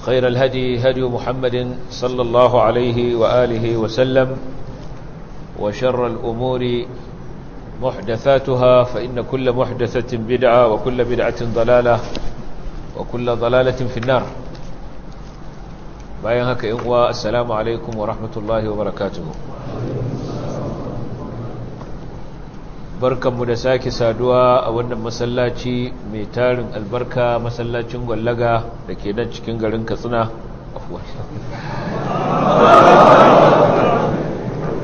وخير الهدي هدي محمد صلى الله عليه وآله وسلم وشر الأمور محدثاتها فإن كل محدثة بدعة وكل بدعة ضلالة وكل ضلالة في النار بايا هكا السلام عليكم ورحمة الله وبركاته barkanmu da sake saduwa a wannan masallaci mai tarin albarka masallacin gwallaga da ke nan cikin garin katsina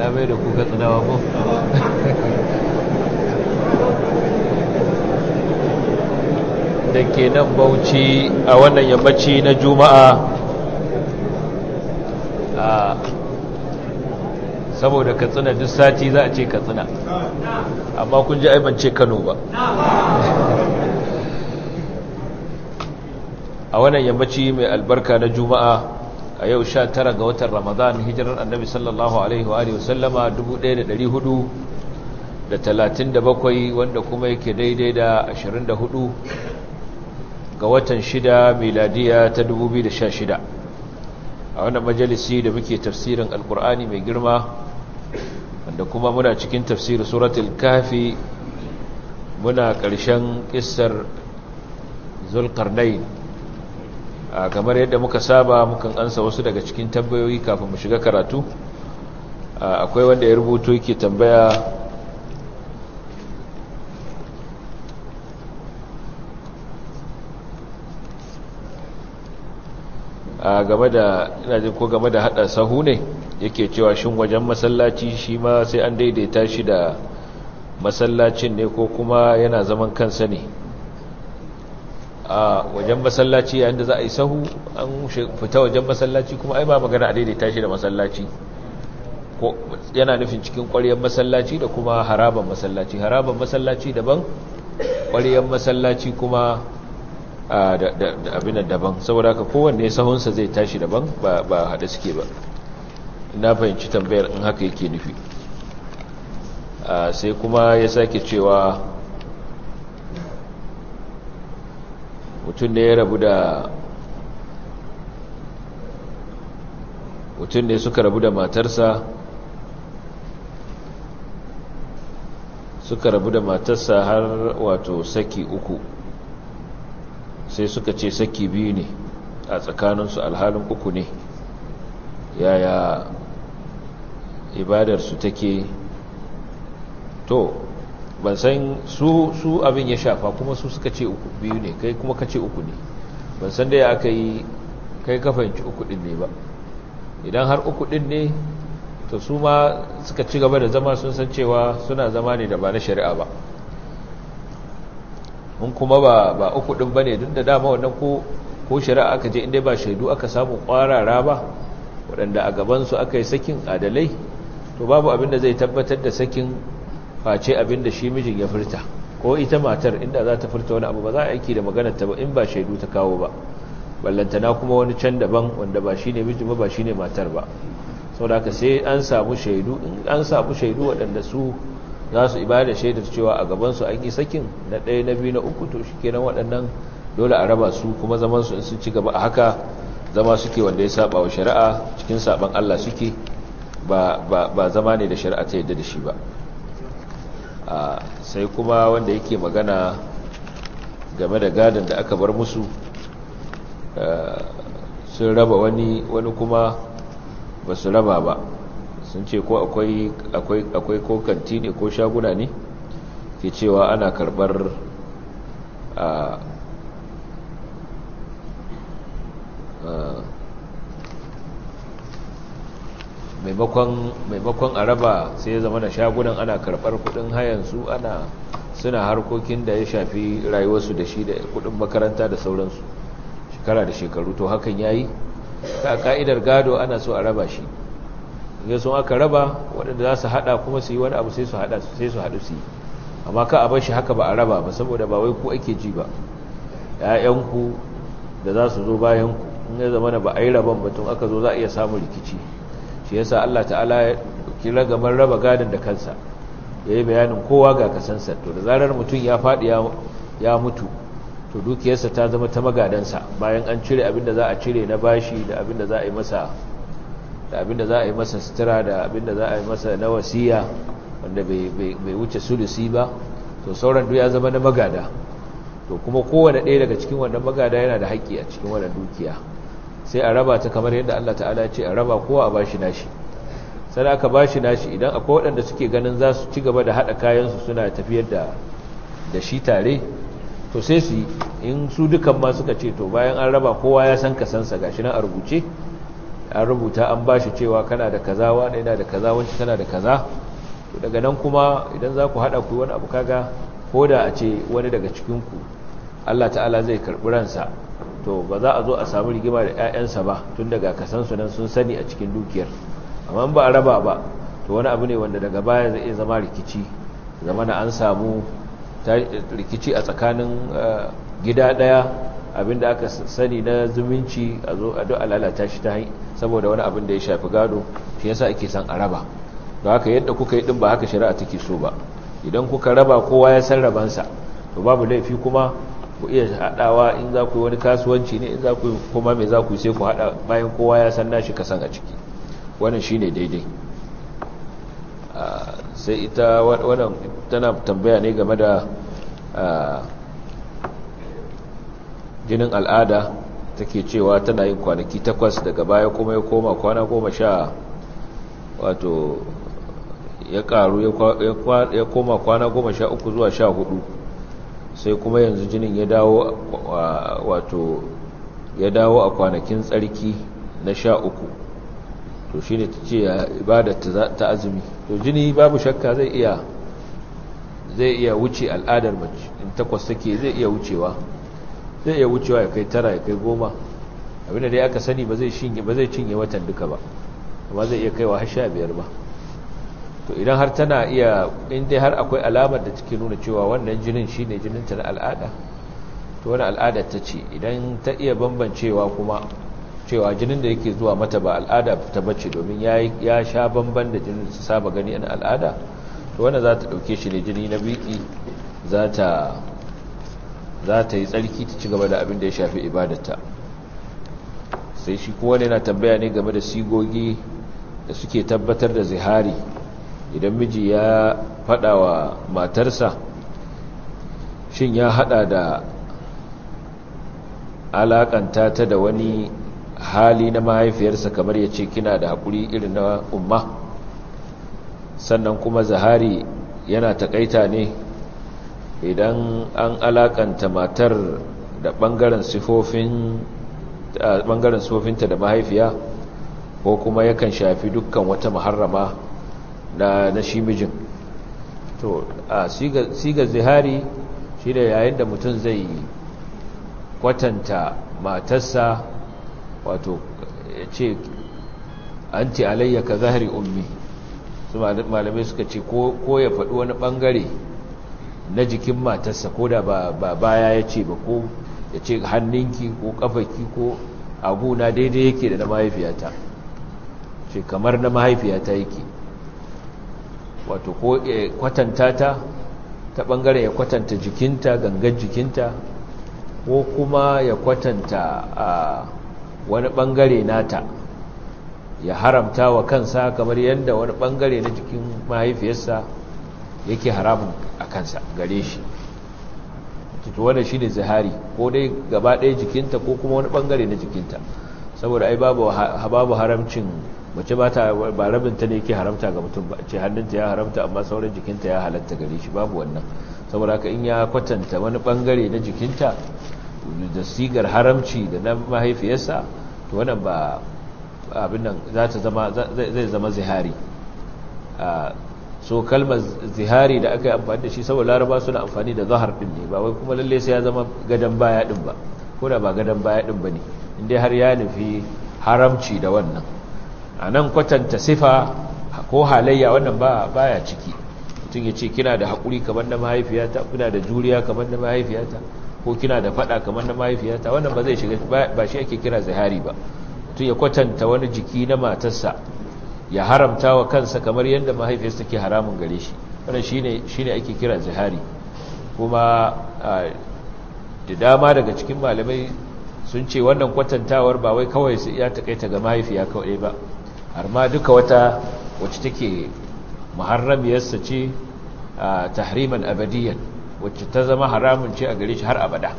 da ku da ke nan bauchi a wannan yammaci na juma'a ah, saboda katsina duk sati za a ce katsina amma kun ji aibance kano ba a wannan yammaci mai albarka na juma'a a yau sha tara ga watan ramadan hijirar annabi sallallahu alaihi wa sallama 1437 wanda kuma yake daidai da 24 ga watan shida miladiya ta 2016 a wannan majalisi da muke tafsirin alkur'ani mai girma da kuma muna cikin tafsir suratul kafi muna ƙarshen ƙissar zulkarnain kamar yadda muka saba mukan ansa wasu daga cikin tambayoyi kafin mu shiga karatu akwai wanda ya rubuto yake tambaya game da ina jin ko game da hada sahu ne yake cewa shin wajen masallaci shi ma sai an daidaita shi da masallacin ne ko kuma yana zaman kansa ne a wajen masallaci yayin da za a yi sahu an fita wajen masallaci kuma ai ba magana a daidaita shi da masallaci ko yana nufin cikin ƙwaryar masallaci da kuma haraban masallaci haraban masallaci daban ƙwaryar masallaci kuma abin daban saboda haka kowanne sahunsa zai tashi daban ba hada suke ba na fahimci tambayar in haka yake nufi sai kuma ya sake cewa mutum ne ya rabu da mutum ne suka rabu da matarsa suka rabu da matarsa har wato saki uku sai suka ce saki biyu ne a tsakaninsu alhalin uku ne yaya ibadarsu take to ban san su su abin ya shafa kuma su suka ce uku biyu ne kai kuma ka ce uku ne ban san da ya aka yi kai ka uku din ne ba idan har uku din ne to su ma suka ci gaba da zama sun san cewa suna zama ne da ba na shari'a ba mun kuma ba ba uku din bane duk da dama wannan ko ko shari'a aka je inda ba shaidu aka samu kwarara ba waɗanda a gabansu aka yi sakin adalai to babu abin da zai tabbatar da sakin face abin da shi mijin ya furta ko ita matar inda za ta furta wani abu ba za a aiki da maganar ta ba in ba shaidu ta kawo ba ballantana kuma wani can daban wanda ba shine mijin ba ba shine matar ba saboda haka sai an samu shaidu in an samu shaidu waɗanda su za su ibada shaidar cewa a gaban su an yi sakin na ɗaya na biyu na uku to shi kenan waɗannan dole a raba su kuma zamansu in sun ci gaba a haka zama suke wanda ya saba wa shari'a cikin saban Allah suke ba zama ne da shari'a ta yadda da shi ba sai kuma wanda yake magana game da gadon da aka bar musu sun raba wani wani kuma ba su raba ba sun ce ko akwai ko kanti ne ko shaguna ne ke cewa ana karbar a maimakon a raba sai ya zama da shagunan ana karɓar kudin hayansu ana suna harkokin da ya shafi rayuwarsu da shi da kudin makaranta da sauransu shekara da shekaru to hakan ya yi ta ka'idar gado ana so a raba shi ya sun aka raba waɗanda za su haɗa kuma su yi wani abu sai su haɗa su haɗu su yi amma ka a shi haka ba a raba ba saboda ba wai ku ake ji ba ‘ya'yanku da za su zo bayanku in ya zama ba a yi raban batun aka zo za a iya samun rikici shi yasa Allah ta'ala ya kira gaban raba gadin da kansa ya yi bayanin kowa ga kasansa to da zarar mutum ya faɗi ya mutu to dukiyarsa ta zama ta magadansa bayan an cire abin da za a cire na bashi da abin da za a yi masa da abin da za a yi masa sutura da abin da za a yi masa na wasiya wanda bai wuce sulusi ba to sauran duk ya zama na magada to kuma kowane ɗaya daga cikin wannan magada yana da haƙƙi a cikin wannan dukiya sai a raba ta kamar yadda Allah ta'ala ce a raba kowa a bashi nashi sai aka bashi nashi idan akwai waɗanda suke ganin za su ci gaba da haɗa su suna tafiyar da da shi tare to sai su in su dukan ma suka ce to bayan an raba kowa ya san kasansa gashi nan a rubuce an rubuta an bashi cewa kana da kaza wani yana da kaza wani kana da kaza to daga nan kuma idan za ku haɗa ku wani abu kaga ko da a ce wani daga cikin ku Allah ta'ala zai karɓi ransa to ba za a zo a samu rigima da 'ya'yansa ba tun daga kasansu nan sun sani a cikin dukiyar amma ba a raba ba to wani abu ne wanda daga baya zai zama rikici zama na an samu rikici a tsakanin eh, gida daya abinda aka sani na zumunci a zo a duk alalata shi ta hanyar saboda wani abin da ya shafi gado shi yasa ake san a raba don haka yadda kuka yi din ba haka shari'a take so ba idan kuka raba kowa ya san rabansa to babu laifi kuma ku iya haɗawa in za ku yi wani kasuwanci ne in za ku kuma mai za ku yi sai ku haɗa bayan kowa ya san nashi kasan a ciki wannan shi ne daidai ah, sai ita wannan tana tambaya ne game da ah, jinin al'ada ta ke cewa tana yin kwanaki takwas daga baya kuma ya koma kwana goma sha wato ya karu ya koma kwana goma sha uku zuwa sha hudu sai kuma yanzu jinin ya dawo wato ya dawo a kwanakin tsarki na sha uku to shi ne ta ce ya ibada ta azumi to jini babu shakka zai iya zai iya wuce al'adar mace in takwas take zai iya wucewa zai iya wucewa ya kai tara ya kai goma abinda dai aka sani ba zai cinye watan duka ba amma zai iya kaiwa har sha biyar ba to idan har tana iya in dai har akwai alamar da take nuna cewa wannan jinin shine jinin ta na al'ada to wani al'ada ta ce idan ta iya bambancewa kuma cewa jinin da yake zuwa mata ba al'ada ta bace domin ya sha bamban da jinin su saba gani an al'ada to wani za ta dauke shi ne jini na biki za ta yi tsarki ta ci gaba da abin da ya shafi ibadarta sai shi kowane na tambaya ne game da sigogi da suke tabbatar da zihari idan miji ya fada wa matarsa shin ya hada da alakanta ta da wani hali na mahaifiyarsa kamar ya ce kina da haƙuri irin na umma sannan kuma zahari yana taƙaita ne idan an alakanta matar da ɓangaren sifofinta da mahaifiya ko kuma yakan shafi dukkan wata muharrama na shi mijin to a siga zihari shi da yayin da mutum zai kwatanta matarsa wato ya ce an alayya ka zahari ummi su malamai suka ce ko ya faɗi wani ɓangare na jikin matarsa ko da ba baya ya ce ba ko ya ce hannunki ko ƙafaki ko abu na daidai yake da na mahaifiyata ce kamar na mahaifiyata yake wato ko ya kwatanta ta ta bangare ya kwatanta jikinta gangar jikinta ko kuma ya kwatanta a wani bangare nata ya haramta wa kansa kamar yadda wani bangare na jikin mahaifiyarsa yake haramun a kansa gare shi wadda shi ne zahari ko dai gaba ɗaya jikinta ko kuma wani bangare na jikinta saboda ai babu haramcin mace ba ta ba rabinta ne ke haramta ga mutum ba ce hannunta ya haramta amma sauran jikinta ya halatta gare shi babu wannan saboda haka in ya kwatanta wani bangare na jikinta da sigar haramci da na mahaifiyarsa to wannan ba abin nan za ta zama zai zama zihari so kalmar zihari da aka yi amfani da shi saboda laraba suna amfani da zahar din ne ba wai kuma lalle sai ya zama gadan baya din ba ko da ba gadan baya din ba ne inda har ya nufi haramci da wannan a nan kwatanta sifa ko halayya wannan ba baya ciki mutum ya ce kina da haƙuri kamar na mahaifiyata kina da juriya kamar na mahaifiyata ko kina da faɗa kamar na mahaifiyata wannan ba zai shiga ba shi ake kira zahari ba mutum ya kwatanta wani jiki na matarsa ya haramta wa kansa kamar yadda mahaifiyarsa ke haramun gare shi wannan shine shine ake kira zahari kuma da dama daga cikin malamai sun ce wannan kwatantawar ba wai kawai ya takaita ga mahaifiya kawai ba har ma duka wata wacce take muharramiyarsa ce tahriman abadiyan wacce ta zama haramun ce a gare shi har abada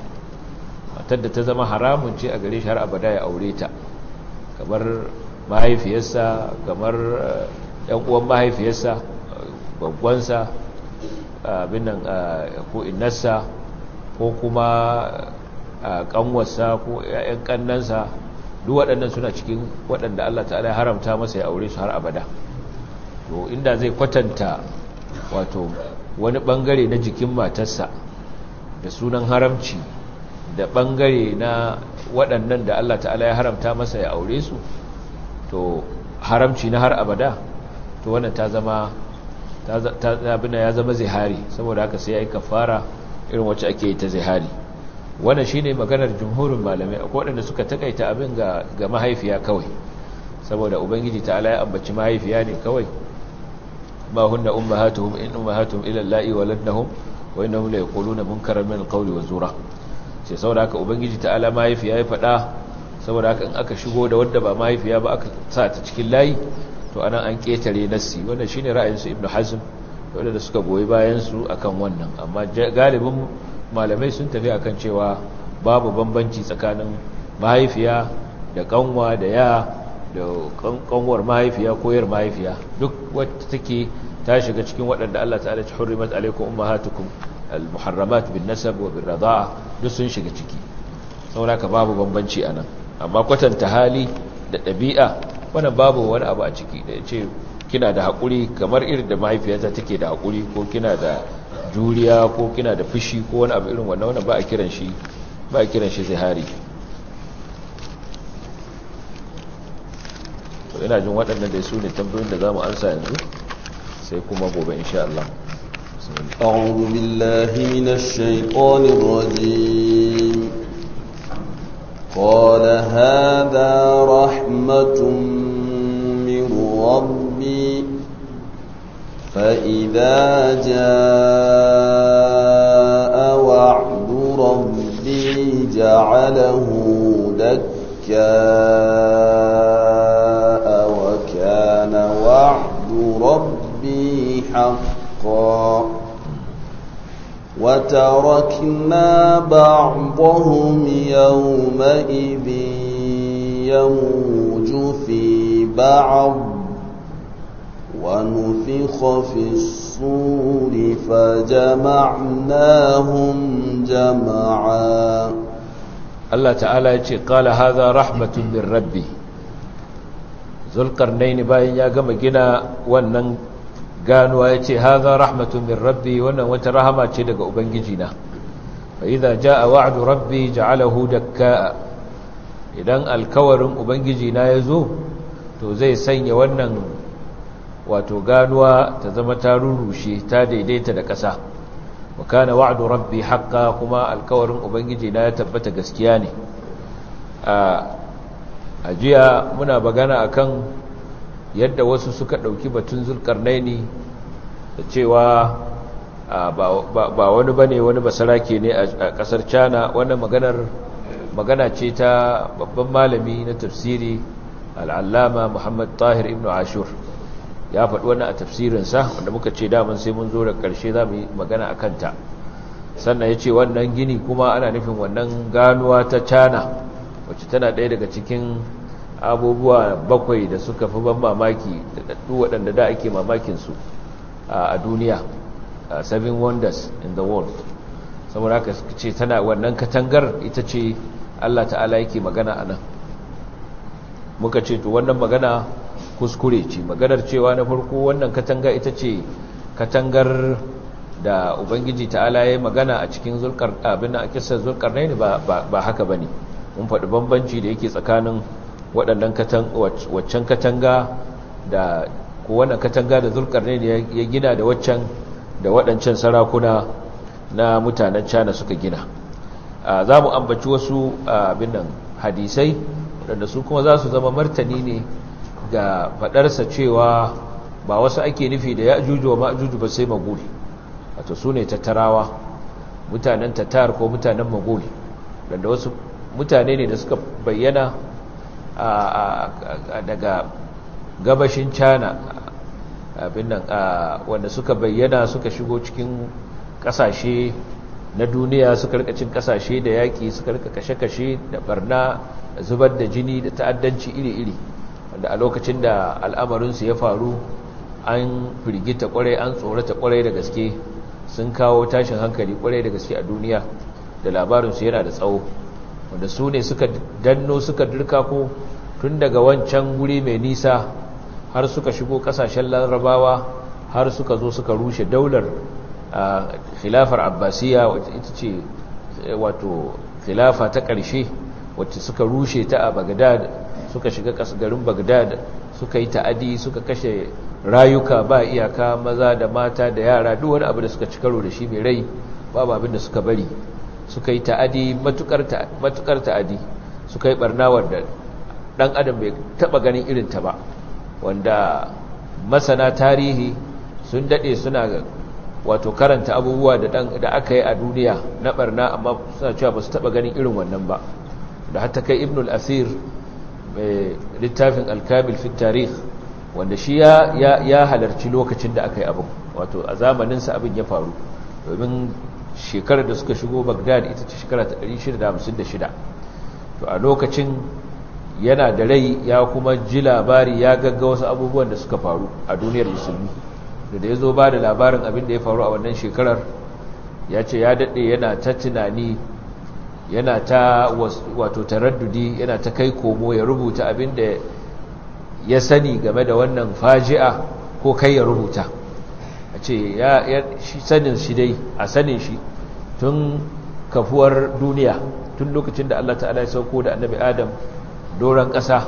matar da ta zama haramun ce a gare shi har abada ya aure ta kamar mahaifiyarsa kamar yan uwan mahaifiyarsa babbansa abin nan ko innarsa ko kuma ƙanwarsa, ko ƴaƴan ƙannansa duk waɗannan suna cikin waɗanda Allah ta'ala haramta masa ya aure su har abada to inda zai kwatanta wato wani bangare na jikin matarsa da sunan haramci da bangare na waɗannan da Allah ta'ala ya haramta masa ya aure su to haramci na har abada to wannan ta zama ta abinda ya zama zihari saboda haka sai ya yi kafara irin wacce ake yi ta zihari wannan shi ne maganar jumhurin malamai kodin da suka takaita abin ga mahaifiya kawai saboda ubangiji ta'ala ya ambaci mahaifiya ne kawai ma hunna ummahatuhum in umma ila ilallai waladnahum wa innahum la yaquluna munkaran min alqawli wa zura ce saboda haka ubangiji ta'ala mahaifiya ya faɗa saboda haka in aka shigo da wadda ba mahaifiya ba aka sa ta cikin layi to anan an ketare nassi wannan shine ra'ayin su ibnu hazm wanda suka goyi bayan su akan wannan amma galibin malamai sun tafi akan cewa babu bambanci tsakanin mahaifiya da kanwa da ya da kanwar mahaifiya ko mahaifiya duk wata take ta shiga cikin waɗanda Allah ta'ala ya hurrimat alaikum ummahatukum almuharramat bin nasab wa bir duk sun shiga ciki saboda babu bambanci anan amma kwatanta hali da ɗabi'a wannan babu wani abu a ciki da yace kina da haƙuri kamar irin da mahaifiyarta take da haƙuri ko kina da juriya ko kina da fushi ko wani abu irin wannan wannan ba a kiran shi ba a kiran shi zihari to ina jin waɗannan da su ne tambayoyin da za mu ansa yanzu sai kuma gobe insha Allah أعوذ بالله من الشيطان الرجيم قال هذا رحمة من رب فإذا جاء وعد ربي جعله دكاء وكان وعد ربي حقا وتركنا بعضهم يومئذ يموج في بعض ونفخ في الصور فجمعناهم جمعا الله تعالى haza rahmatu هذا رحمة من ربي zulkarnaini bayan ya gama gina wannan ganuwa ya ce haza rahmatu min rabbi wannan wata rahama ce daga ubangijina fa idza jaa wa'du rabbi ja'alahu dakka idan alkawarin na ya zo to zai sanya wannan wato ganuwa ta zama ta rurushe ta daidaita da ƙasa wa kana wa'du rabbi haqqan kuma alƙawarin ubangiji na ya tabbata gaskiya ne a jiya muna bagana akan yadda wasu suka ɗauki batun zulkarnaini da cewa ba wani bane wani basarake ne a ƙasar china wannan maganar magana ce ta babban malami na tafsiri al allama muhammad tahir ibn ashur ya faɗi wannan a tafsirinsa wanda muka ce daman sai mun zo da ƙarshe za mu yi magana a kanta sannan ya ce wannan gini kuma ana nufin wannan ganuwa ta cana wacce tana ɗaya daga cikin abubuwa bakwai da suka fi ban mamaki da ɗaɗɗu waɗanda da ake mamakinsu a duniya seven wonders in the world saboda haka ce tana wannan katangar ita ce allah ta'ala yake magana a nan muka ce to wannan magana kuskure ce maganar cewa na farko wannan katanga ita ce katangar da ubangiji ta'ala ya magana a cikin zulkar abin a zulkar ne ba haka ba ne mun faɗi bambanci da yake tsakanin waɗannan waccan katanga da ko wannan katanga da ne ya gina da waccan da waɗancan sarakuna na mutanen cana suka gina za mu ambaci wasu abin nan hadisai waɗanda su kuma za su zama martani ne da fadarsa cewa ba wasu ake nufi da ya'juju wa ma'juju ba sai magul wato sune tattarawa mutanen tattar ko mutanen maguli wanda wasu mutane ne da suka bayyana daga gabashin china abin nan wanda suka bayyana suka shigo cikin kasashe na duniya suka rika cin kasashe da yaƙi, suka rika kashe-kashe da barna zubar da jini da ta'addanci iri-iri da a lokacin da al'amarinsu ya faru an firgita kwarai an tsorata kwarai da gaske sun kawo tashin hankali kwarai da gaske a duniya da labarin su yana da tsawo wanda su ne suka danno suka dirka ko tun daga wancan guri mai nisa har suka shigo kasashen larabawa har suka zo suka rushe daular khilafar abbasiya wacce ita ce wato khilafa ta ƙarshe wacce suka rushe ta a bagdad suka shiga garin bagdad suka yi ta'adi suka kashe rayuka ba iyaka maza da mata da yara duk wani abu da suka ci karo da shi mai rai babu abin da suka bari suka yi ta'adi matukar ta'adi suka yi barnawar da dan adam bai taba ganin irin ta ba wanda masana tarihi sun dade suna wato karanta abubuwa da da aka yi a duniya na barna amma suna cewa ba su taba ganin irin wannan ba da hatta kai ibn al-asir Eh, littafin alkamil fi tarih wanda shi ya halarci lokacin da aka yi abin wato a zamaninsa abin ya faru domin shekarar da suka shigo bagdad ita ce shekara ta 656 to a lokacin yana da rai ya kuma ji labari ya gagga wasu abubuwan da suka faru a duniyar musulmi da da ya zo ba da labarin abin da ya faru a wannan shekarar ya ce ya daɗe yana ta tunani yana ta wato taraddudi yana ta kai komo ya rubuta abin da ya sani game da wannan faji'a ko kai ya rubuta a ce ya sanin shi dai a sanin shi tun kafuwar duniya tun lokacin da Allah ta'ala ya sauko da annabi adam doron ƙasa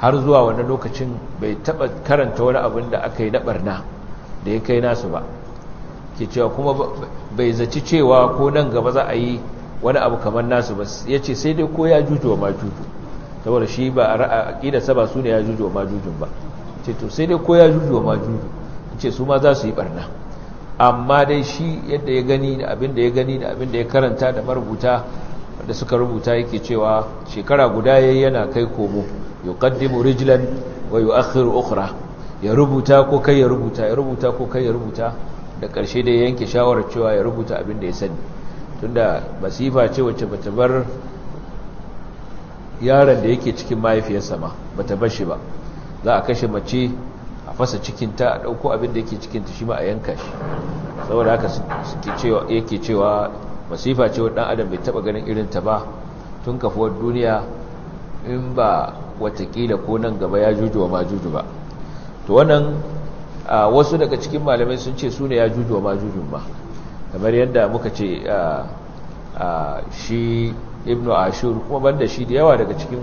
har zuwa wani lokacin bai taɓa karanta wani abin da aka yi na ɓarna da ya kai nasu ba ke cewa kuma bai zaci cewa ko nan gaba za a yi wani abu kamar nasu ba ya ce sai dai ko ya juju wa majuju saboda shi ba a ƙidarsa ba su ne ya juju wa majujun ba ce to sai dai ko ya juju wa majuju ce su ma za su yi barna amma dai shi yadda ya gani da abin da ya gani da abin da ya karanta da marubuta da suka rubuta yake cewa shekara guda yayi yana kai komo yuqaddimu rijlan wa akhir ukhra ya rubuta ko kai ya rubuta ya rubuta ko kai ya rubuta da ƙarshe dai yanke shawarar cewa ya rubuta abin da ya sani tunda masifa ce wacce bata bar yaron da yake cikin mahaifiyarsa ba bata bar shi ba za a kashe mace a fasa cikinta a ɗauko abin da yake cikinta shi ma a yanka shi saboda haka yake cewa masifa ce wadda adam bai taba ganin irin ta ba tun kafuwar duniya in ba watakila ko nan gaba ya juju wa majuju ba to wannan wasu daga cikin malamai sun ce su ne ya juju wa majujun ba kamar yadda muka ce shi ibnu ashur kuma banda shi da yawa daga cikin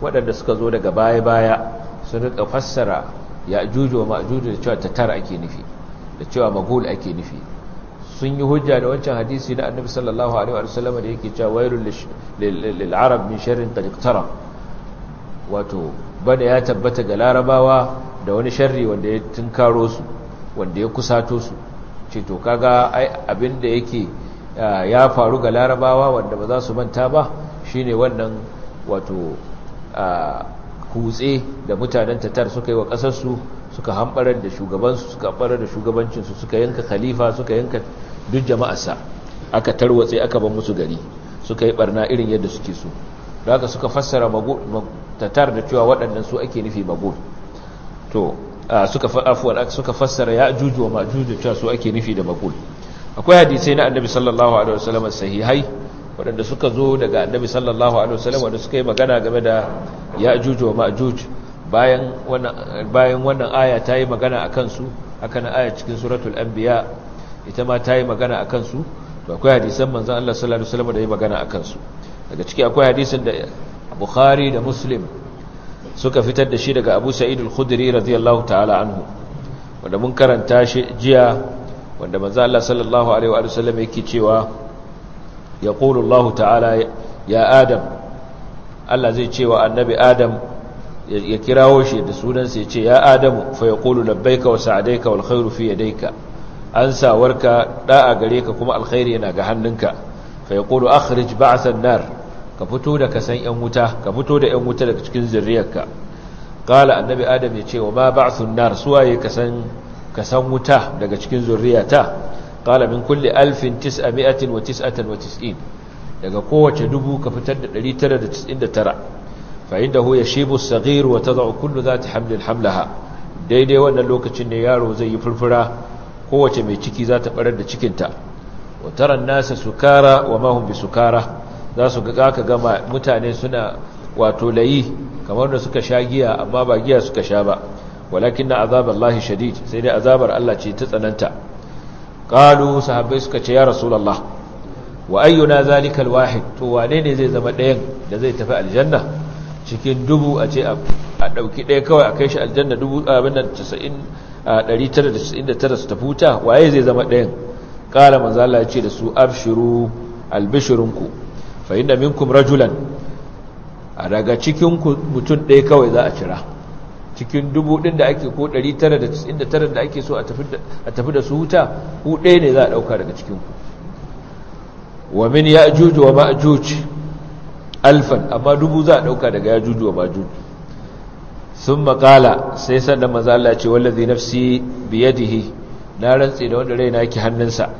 waɗanda suka zo daga baya-baya sun rika fassara ya juju wa ma'juju da cewa tatar ake nufi da cewa magul ake nufi sun yi hujja da wancan hadisi na annabi sallallahu alaihi wa sallam da yake cewa wailul lil arab min sharrin qad wato bada ya tabbata ga larabawa da wani sharri wanda ya tunkaro su wanda ya kusato su ce to kaga abin da yake ya faru ga larabawa wanda ba za su manta ba shine wannan wato kutse da mutanen tatar suka yi wa kasarsu suka hambarar da shugabansu suka hambarar da shugabancinsu suka yanka khalifa suka yanka duk jama'arsa aka tarwatse aka ban musu gari suka yi barna irin yadda suke so da haka suka fassara tatar da cewa waɗannan su ake nufi magul to suka afuwar suka fassara ya juju wa majuju cewa su ake nufi da makul akwai hadisai na annabi sallallahu alaihi wasallam sahihai waɗanda suka zo daga annabi sallallahu alaihi wasallam wanda suka yi magana game da ya juju wa majuju bayan wannan bayan wannan aya ta yi magana akan su haka na aya cikin suratul anbiya ita ma ta yi magana akan su to akwai hadisan manzon Allah sallallahu alaihi wasallam da yi magana akan su daga ciki akwai hadisin da Bukhari da Muslim suka fitar da shi daga abu sa'id al radiyallahu ta'ala anhu wanda mun karanta shi jiya wanda manzo Allah sallallahu alaihi wa sallam yake cewa yaqulu Allah ta'ala ya adam Allah zai cewa annabi adam ya kirawo shi da sunansa ya ce ya adamu fa yaqulu labbaika wa sa'daika wal khairu fi yadayka an sawarka da'a gare ka kuma alkhairi yana ga hannunka fa yaqulu akhrij ba'than nar ka fito da kasan yan wuta ka fito da yan wuta daga cikin zuriyarka qala annabi adam ya ce wa ma ba'thun nar suwaye kasan kasan wuta daga cikin zuriyata qala min kulli alfin wa wa daga kowace dubu ka fitar da 999 fa indahu yashibu as-saghir wa tad'u kullu dhati hamlin hamlaha daidai wannan lokacin ne yaro zai yi furfura kowace mai ciki za ta barar da cikinta wa taran nasa sukara wa ma hum bisukara za su ga kaka gama mutane suna wato layi kamar da suka sha giya amma ba giya suka sha ba walakin na azabar lahi shadid sai dai azabar Allah ce ta tsananta ƙalu sahabbai suka ce ya rasulallah wa ayyuna zalikal wahid to wane ne zai zama ɗayan da zai tafi aljanna cikin dubu a ce a ɗauki ɗaya kawai a kai shi aljanna dubu abin da 999 su tafi wuta waye zai zama ɗayan ƙala manzala ya ce da su abshiru albishirinku fa inda minkum rajulan a daga cikin mutum ɗaya kawai za a cira cikin dubu ɗin da ake ko 999 da ake so a tafi da su huta ku ɗaya ne za a ɗauka daga cikinku wa min ya ajuj wa ma ajuj alfan amma dubu za a ɗauka daga ya ajuj wa ma ajuj sun makala sai sannan maza Allah ce wallazi nafsi biyadihi na rantse da wanda na yake hannunsa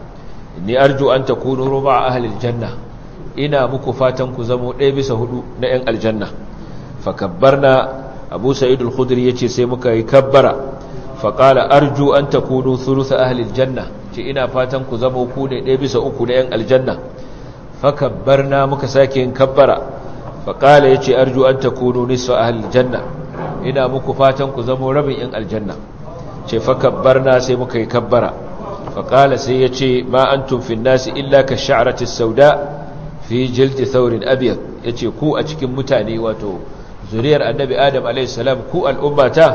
ni arju an takunu ruba ahalin janna ina muku fatan ku zamo ɗaya bisa hudu na 'yan aljanna fakabbarna abu sa'idul khudri ce sai muka yi kabbara faqala arju an kudu surusa ahalil janna ce ina fatan ku zamo ku ne ɗaya bisa uku na 'yan aljanna fakabbarna muka sake yin kabbara ya ce arju an kudu nisa ahalil janna ina muku fatan ku zamo rabin 'yan aljanna ce fakabbarna sai muka yi kabbara faqala sai yace ma antum fi nasi illa ka sha'rati sauda fi jildi saurin abiyar ya ce ku a cikin mutane wato zuriyar annabi adam alaihissalam ku al'ummata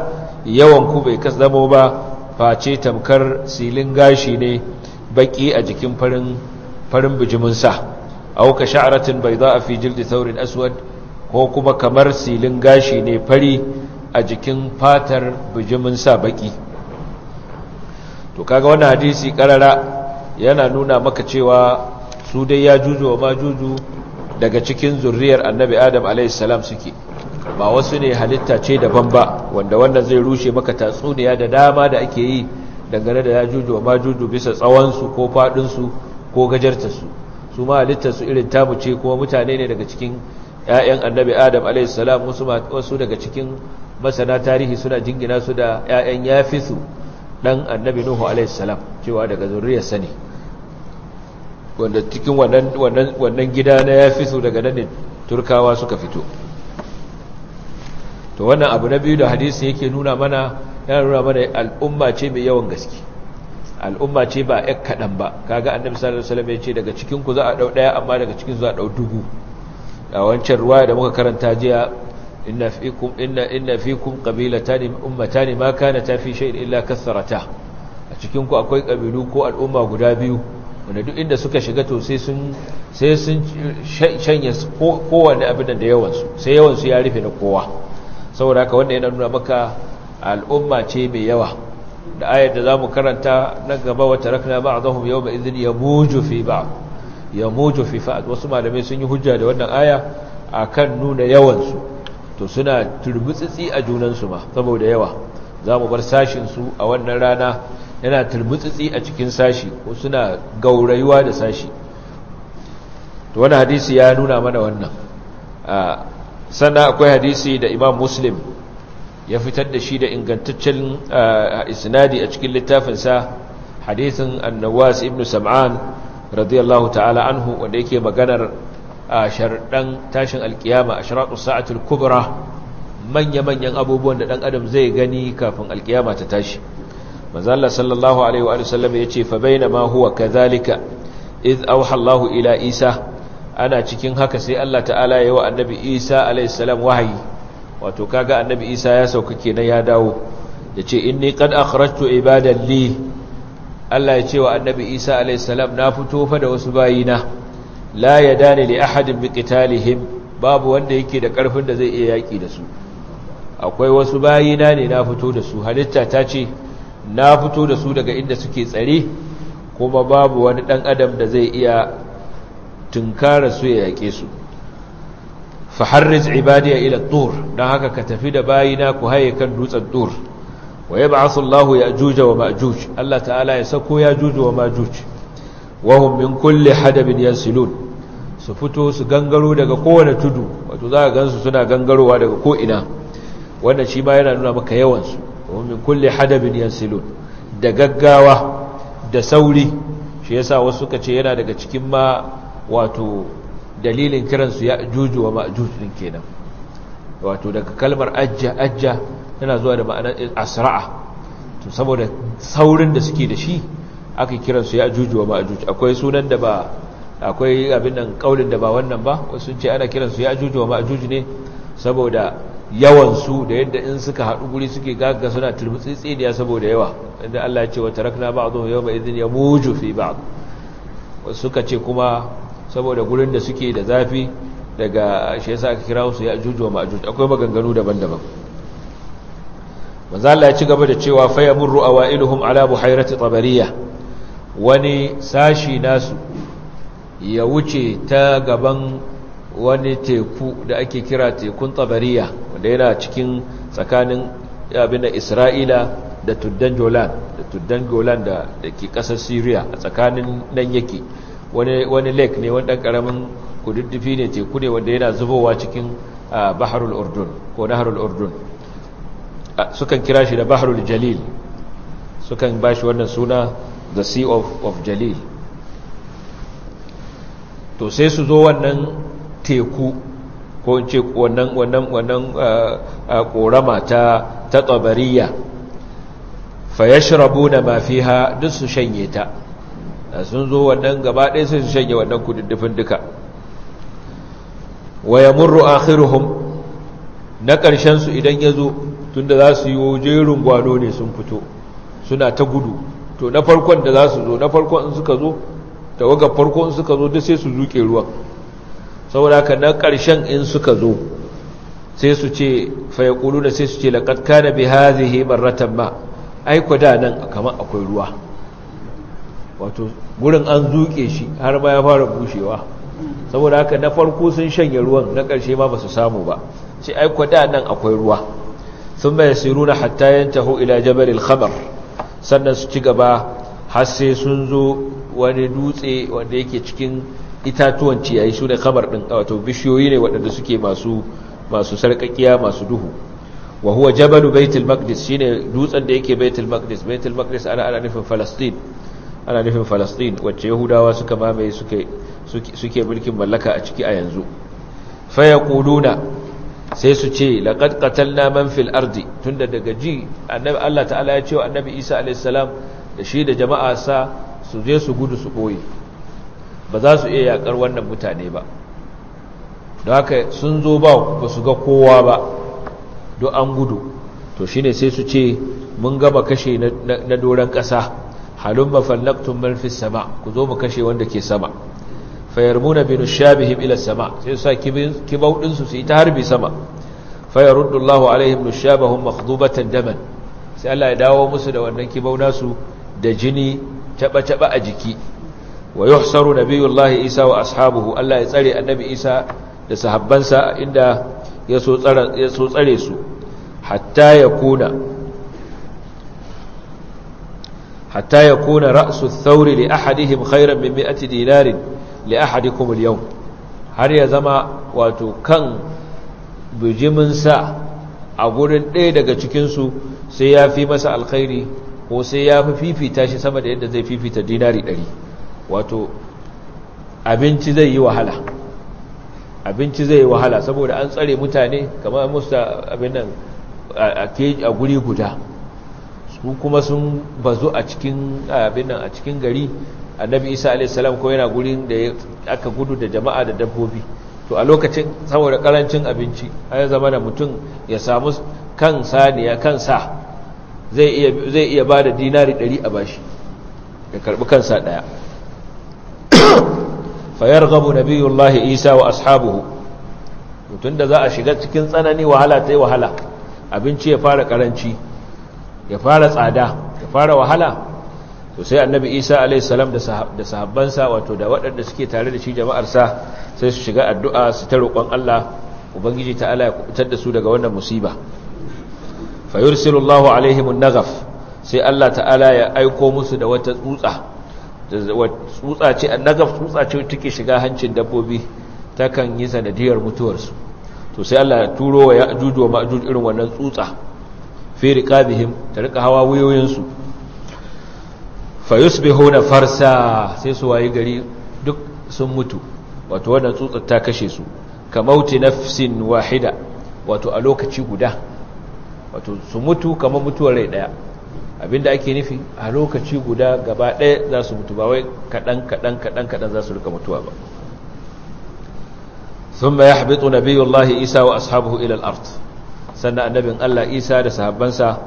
yawan ku bai kas zamo ba face tamkar silin gashi ne baki a jikin farin bijiminsa auka sha'aratin bai za a fi jildi saurin aswad ko kuma kamar silin gashi ne fari a jikin fatar bijiminsa baki to kaga wannan hadisi karara yana nuna maka cewa su dai ya juju wa ma juju daga cikin zurriyar annabi adam alaihissalam suke ba wasu ne halitta ce daban ba wanda wannan zai rushe maka tatsuniya da dama da ake yi dangane da ya juju wa ma juju bisa tsawonsu ko faɗinsu ko gajartarsu su ma su irin tamu ce kuma mutane ne daga cikin 'ya'yan annabi adam alaihissalam wasu daga cikin masana tarihi suna jingina su da 'ya'yan yafisu ɗan annabi nuhu alaihissalam cewa daga zurriyarsa sani. wanda cikin wannan gida na ya fi su daga nan turkawa suka fito to wannan abu na biyu da hadisi yake nuna mana yana nuna mana al'umma ce mai yawan gaske al'umma ce ba ƴan kaɗan ba kaga annabi sallallahu alaihi wasallam ya ce daga cikin ku za a ɗau ɗaya amma daga cikin za a ɗau dubu a wancan ruwa da muka karanta jiya inna fikum inna inna fikum qabilatan ummatan ma ta fi shay'in illa kasarata a cikin ku akwai kabilu ko al'umma guda biyu wanda duk inda suka shiga to sai sun sai sun shanye abin da yawansu sai yawansu ya rufe na kowa saboda haka wanda yana nuna maka al'umma ce mai yawa da ayar da zamu karanta na gaba wa tarakna ba'dahum yawma idhin yamuju fi ya yamuju fi fa wasu malamai sun yi hujja da wannan aya akan nuna yawansu to suna turbitsitsi a junansu ma saboda yawa zamu bar sashin su a wannan rana yana turmutsitsi a cikin sashi ko suna gaurayuwa da sashi to wani hadisi ya nuna mana wannan sannan akwai hadisi da imam muslim ya fitar da shi da ingantaccen isnadi a cikin littafinsa hadisin annawas ibn sam'an radiyallahu ta'ala anhu wanda yake maganar sharɗan tashin alkiyama a sharaɗin sa'atul kubra manya-manyan abubuwan da ɗan adam zai gani kafin alkiyama ta tashi manzo Allah sallallahu alaihi wa sallam yace fa bainama huwa kadhalika iz auhallahu ila Isa ana cikin haka sai Allah ta'ala yayi wa annabi Isa alaihi salam wahayi wato kaga annabi Isa ya sauka kenan ya dawo yace inni qad akhrajtu ibadan li Allah ya ce wa annabi Isa alaihi salam na fito fa da wasu bayina la yadani li ahadin biqitalihim babu wanda yake da karfin da zai iya yaki da su akwai wasu bayina ne na fito da su halitta ta ce na fito da su daga inda suke tsare kuma babu wani ɗan adam da zai iya tunkara su ya yaƙe su faharriz ibadiya ila tur don haka ka tafi da bayina ku haye kan dutsen tur wa ya ba'asu Allah ya juja wa ma'juj Allah ta'ala ya sako ya juja wa ma'juj wa hum min kulli hadabin yasilun su fito su gangaro daga kowane tudu wato za ka gansu suna gangarowa daga ko ina wannan shi ma yana nuna maka yawan su ومن كل kulli hadabin da gaggawa da sauri shi yasa wasu suka ce yana daga cikin ma wato dalilin kiransu ya juju wa ma'juj din kenan wato daga kalmar ajja ajja yana zuwa da ma'anar asra'a to saboda saurin da suke da shi aka kiransu ya juju wa ma'juj akwai sunan da ba akwai abin nan kaulin da ba wannan ba wasu sun ce ana kiransu ya juju wa ma'juj ne saboda yawansu da yadda in suka haɗu guri suke gaga suna turmutsitsiniya saboda yawa inda Allah ya ce wa tarakna ba'dhum yawma idhin yamuju fi ba'd suka ce kuma saboda gurin da suke da zafi daga shi yasa aka kira su juju wa ma'juj akwai maganganu daban-daban manzo Allah ya ci gaba da cewa fa yamurru awailuhum ala buhairati tabariya wani sashi nasu ya wuce ta gaban wani teku da ake kira tekun tabariya wanda yana cikin tsakanin da isra'ila da tuddan jolan da tuddan jolan da ke ƙasar syria a tsakanin nan yake wani lake ne wani ɗan kududdufi ne teku ne wanda yana zubowa cikin baharul urdun ko naharul urdun sukan kira shi da baharul jalil sukan ba shi wannan suna the sea of jalil to sai su zo wannan teku ko in ce wannan wannan wannan korama ta ta tsabariya fa na ma fiha duk su shanye ta sun zo wannan gaba ɗaya sai su shanye wannan kududdufin duka wa yamurru akhiruhum na ƙarshen su idan ya zo tunda za su yi jerin gwano ne sun fito suna ta gudu to na farkon da za su zo na farkon in suka zo tawagar farkon in suka zo duk sai su zuke ruwan saboda ka na ƙarshen in suka zo sai su ce ƙulu da sai su ce laƙad da bi hazihi marratan ma ai aiko da nan kamar akwai ruwa wato gurin an zuke shi har ma ya fara bushewa saboda haka na farko sun shanye ruwan na ƙarshe ma ba su samu ba sai aiko da nan akwai ruwa sun bai runa hatta yin taho ila jabalil khamar sannan su ci gaba har sai sun zo wani dutse wanda yake cikin itatuwan ciyayi su ne kamar ɗin wato bishiyoyi ne waɗanda suke masu masu masu duhu wa huwa jabalu baitul maqdis shine dutsen da yake baitul maqdis baitul maqdis ana ana nufin falastin ana nufin falastin wacce yahudawa suka mamaye suke suke mulkin mallaka a ciki a yanzu fa yaquluna sai su ce laqad qatalna man fil ardi tunda daga ji annabi Allah ta'ala ya ce wa annabi Isa alayhi salam da shi da jama'a sa su je su gudu su boye ba za su iya yakar wannan mutane ba Da haka sun zo ba ba su ga kowa ba duk an gudu to shine sai su ce mun gaba kashe na doron ƙasa halin mafallaktun malfis sama ku zo mu kashe wanda ke sama fayarmuna bin shabihim ila sama sai su sa kibauɗinsu su yi ta harbi sama Lahu alaihim nushabahum makhdubatan daman sai Allah ya dawo musu da wannan kibau nasu da jini taɓa taɓa a jiki wa yuhsaru nabiyullahi isa wa ashabuhu Allah ya tsare annabi isa da sahabbansa inda ya so tsare su hatta yakuna hatta yakuna ra'su thawri li ahadihim khayran min 100 dinarin li ahadikum al-yawm har ya zama wato kan bijimin sa a gurin ɗaya daga cikinsu sai ya fi masa alkhairi ko sai ya fi fifita shi sama da yadda zai fifita dinari ɗari wato abinci zai yi wahala abinci zai yi wahala saboda an tsare mutane kamar musta abin nan a guri guda su kuma sun bazu a cikin abin nan a cikin gari annabi isa alaihissalam ko yana gurin da aka gudu da jama'a da dabbobi to a lokacin saboda karancin abinci ya zama da mutum ya samu kan saniya kansa zai iya ba da dinari 100 a bashi ya karbi kansa daya fayarghabu nabiyullahi isa wa ashabuhu mutum da za a shiga cikin tsanani wahala ta yi wahala abinci ya fara karanci ya fara tsada ya fara wahala to sai annabi isa alaihissalam da sahabbansa wato da waɗanda suke tare da shi jama'ar sa sai su shiga addu'a su ta roƙon allah ubangiji ta ala ya kubutar da su daga wannan musiba fayursilullahu alaihimun nagaf sai allah ta'ala ya aiko musu da wata tsutsa tsutsa ce tsutsa ce take shiga hancin dabbobi takan yi sanadiyar mutuwarsu to sai Allah ya turo wa ya'juj wa ma'juj irin wannan tsutsa fi riqabihim ta rika hawa wuyoyinsu fayusbihuna farsa sai su wayi gari duk sun mutu wato wannan tsutsa ta kashe su kamauti nafsin wahida wato a lokaci guda wato su mutu kamar mutuwar rai daya abinda ake nufi a lokaci guda gaba ɗaya za su mutu ba wai kaɗan kaɗan kaɗan kaɗan za su rika mutuwa ba sun ma ya habitu nabiyullahi isa wa ashabuhu ilal art sannan annabin allah isa da sahabbansa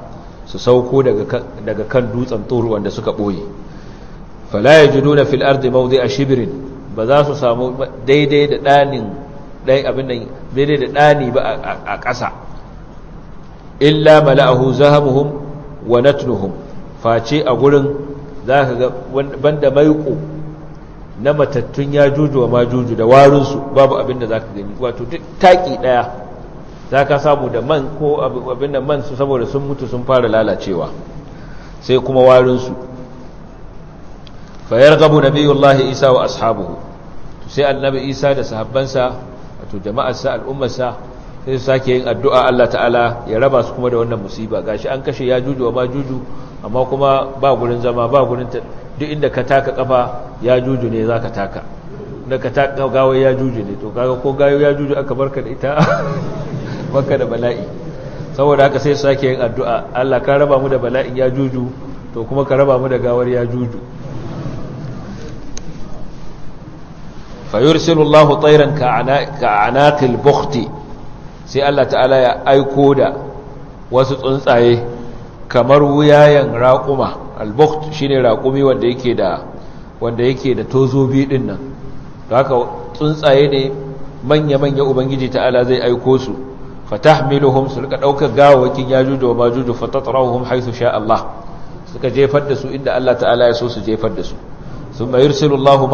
su sauko daga kan dutsen turu wanda suka ɓoye fala ya ji nuna fil ardi maudi a shibirin ba za su samu daidai da ɗanin daidai da ɗani ba a ƙasa illa mala'ahu zahabuhum wa natnuhum face a gurin zaka ga banda maiƙo na matattun ya juju wa majuju da warinsu babu abin da gani wato duk taƙi ɗaya za samu da man ko abin da man su saboda sun mutu sun fara lalacewa sai kuma warinsu fayar gabu na biyu Allah isa wa ashabuhu sai annabi isa da sahabbansa wato jama'arsa al'ummarsa sai su sake yin addu'a Allah ta'ala ya raba su kuma da wannan musiba ga shi an kashe ya juju wa ma juju amma kuma ba gurin zama ba gurin ta duk inda ka taka kafa ya juju ne za ka taka da ka taka gawai ya juju ne to kaga ko gayo ya juju aka barka da ita barka da bala'i saboda haka sai su sake yin addu'a Allah ka raba mu da bala'in ya juju to kuma ka raba mu da gawar ya juju fa yursilu Allahu tayran ka anaqil bukhti sai Allah ta'ala ya aiko da wasu tsuntsaye kamar wuyayen raƙuma al shi shine raƙumi wanda yake da wanda yake da tozobi din nan haka tsuntsaye ne manya-manya ubangiji ta'ala zai aiko su fatahmiluhum su rika daukar gawawakin yajuju wa majuju fatatrahuhum haythu sha Allah suka jefar da su inda Allah ta'ala ya so su jefar da su thumma yursilu Allahu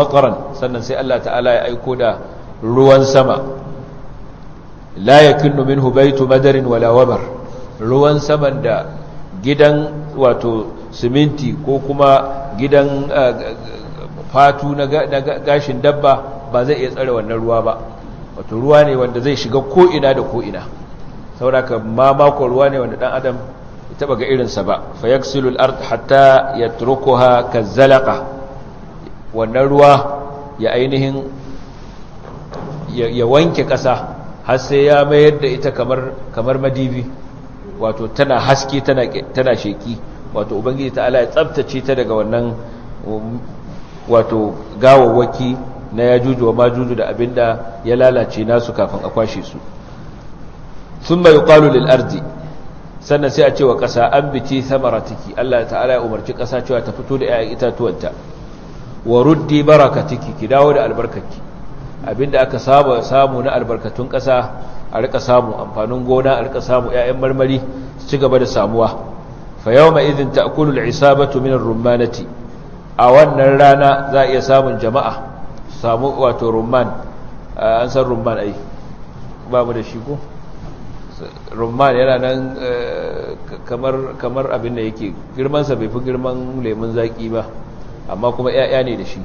sannan sai Allah ta'ala ya aiko da ruwan sama la yakunnu minhu baytu madarin wala wabar ruwan saman da gidan wato siminti ko kuma gidan ah, fatu na gashin dabba ba zai iya tsare wannan ruwa ba wato ruwa ne wanda zai shiga ko ina da ko ina sauraka ma mako ruwa ne wanda dan adam taba ga irinsa ba fa yaksilu al-ard hatta yatrukuha kazzalaqa wannan ruwa ya ainihin ya wanke kasa har sai ya mayar da ita kamar madibi wato tana haske tana tana sheki wato ubangiji ta'ala ya tsaftace ta daga wannan wato gawawaki na yajuju wa majuju da abinda ya lalace nasu kafin a kwashe su thumma yuqalu lil ardi sannan sai a cewa kasa an biti samaratiki Allah ta'ala ya umarci ƙasa cewa ta fito da 'ya'yan itatuwanta wa ruddi barakatiki ki dawo da albarkarki abinda aka saba samu na albarkatun ƙasa a rika samu amfanin gona a rika samu 'ya'yan marmari su ci gaba da samuwa fa yawma idhin ta'kulu al'isabatu min ar-rummanati a wannan rana za a iya samun jama'a samu wato rumman an san rumman ai babu da shi ko rumman yana nan e, kamar kamar abin da yake girmansa sa bai fi girman lemun zaki ba amma kuma 'ya'ya ne da shi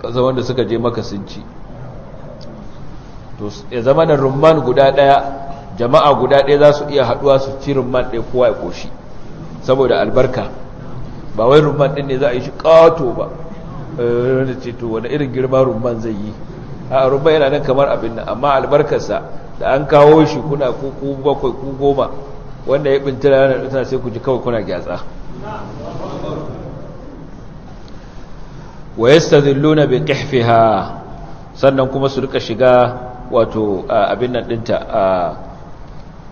kasa wanda suka je maka sun ci to ya zama da rumman guda daya jama'a guda daya za su iya haɗuwa su ci rumman ɗaya kowa ya koshi saboda albarka ba wai rumman ɗin ne za a yi shi ƙato ba wanda eh, ce to wani irin girma rumman zai yi a rumman yana nan kamar abin nan amma albarkarsa da an kawo shi kuna ku bakwai ku goma wanda ya bintira yana sai ku ji kawai kuna gyatsa wa bai bi qihfiha sannan kuma su rika shiga wato abin nan dinta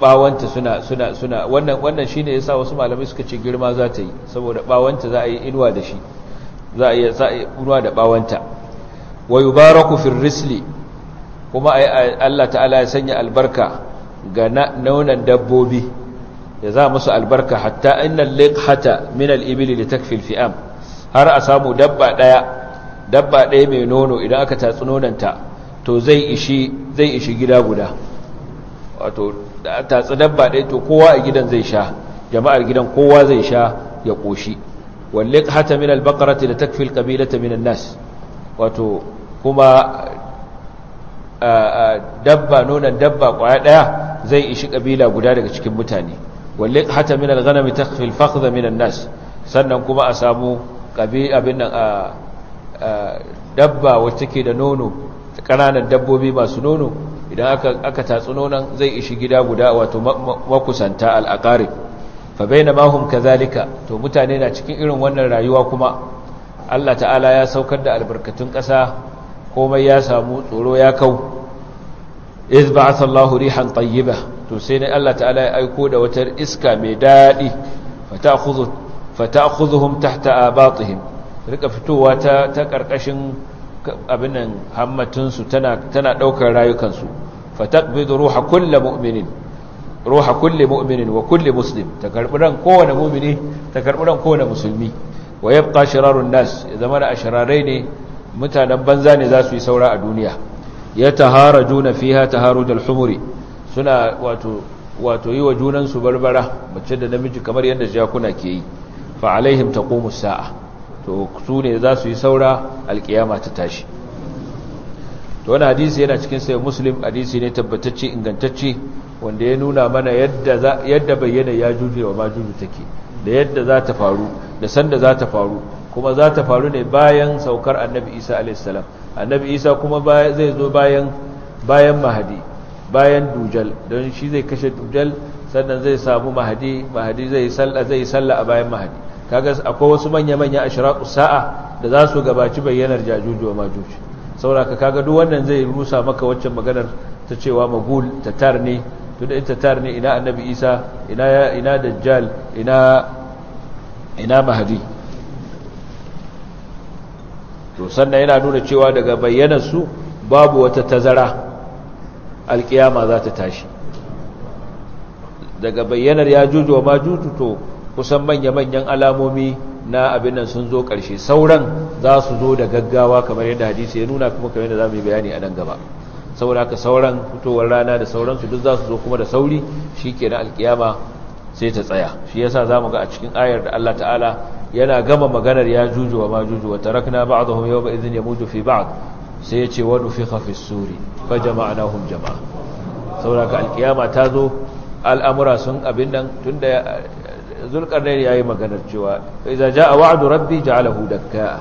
bawanta suna suna suna wannan wannan shine yasa wasu malamai suka ce girma za ta yi saboda bawanta za a yi inuwa da shi za a yi inuwa da bawanta wa yubaraku fil risli kuma Allah ta'ala ya sanya albarka ga naunan dabbobi ya za musu albarka hatta innal liqhata min al-ibli litakfi al-fi'am har a samu dabba ɗaya dabba ɗaya mai nono idan aka tatsi nonanta to zai ishi zai ishi gida guda wato tatsi dabba ɗaya to kowa a gidan zai sha jama'ar gidan kowa zai sha ya ƙoshi walle hata min albaqarati da takfil qabilata min nas wato kuma dabba nonon dabba ƙwaya ɗaya zai ishi ƙabila guda daga cikin mutane walle hata min alghanami takfil fakhdha min nas sannan kuma a samu ƙabi abin nan a dabba wacce ke da nono ƙananan dabbobi masu nono idan aka tatsu nonon zai ishi gida guda wato makusanta al'aƙari fa bai na mahum to mutane na cikin irin wannan rayuwa kuma allah ta'ala ya saukar da albarkatun ƙasa komai ya samu tsoro ya kau iz ba'atha Allahu rihan tayyiba to sai ne Allah ta'ala ya aiko da wata iska mai daɗi fa ta'khudhu fata'khudhuhum tahta abatihim rika fitowa ta ta karkashin abinan hammatun su tana tana daukar rayukan su fataqbidu ruha kulli mu'minin ruha kulli mu'minin wa kulli muslim ta karbi ran kowane mu'mini ta karbi kowane musulmi wa yabqa shirarun nas zama da ashrarai ne mutanen banza ne za su yi saura a duniya ya taharajuna fiha taharujal humuri suna wato wato yi wa junan su barbara mace da namiji kamar yadda jakuna ke yi fa alaihim taqumu sa'a to su ne za su yi saura alkiyama ta tashi to wannan hadisi yana cikin sai muslim hadisi ne tabbatacce ingantacce wanda ya nuna mana yadda yadda bayyana ya juje wa majuju take da yadda za ta faru da sanda za ta faru kuma za ta faru ne bayan saukar annabi isa salam annabi isa kuma zai zo bayan bayan mahadi bayan dujal don shi zai kashe dujal sannan zai samu mahadi mahadi zai salla zai salla a bayan mahadi kaga akwai wasu manya-manya a shiraku sa'a da za su gabaci bayyanar jajujuwa majuci sauraka kaga duk wannan zai rusa maka waccan maganar ta cewa magul tar ne to da tar ne ina annabi isa ina ina dajjal ina ina mahdi to sannan yana nuna cewa daga bayyanar su babu wata tazara alkiyama za ta tashi daga bayyanar ya jujuwa majutu to kusan manya-manyan alamomi na abin nan sun zo ƙarshe sauran za su zo da gaggawa kamar yadda hadisi ya nuna kuma kamar yadda za mu yi bayani a nan gaba saboda haka sauran fitowar rana da sauransu duk za su zo kuma da sauri shi ke na alkiyama sai ta tsaya shi yasa za mu ga a cikin ayar da Allah ta'ala yana gama maganar ya juju wa majuju wa tarakna ba'dahum yawma idhin yamuju fi ba'd sai ya ce wa nufikha suri fa jama'nahum jama'a saboda haka alkiyama ta zo al'amura sun abin nan tunda ya yi maganar cewa idza a wa'du rabbi ja'alahu dakka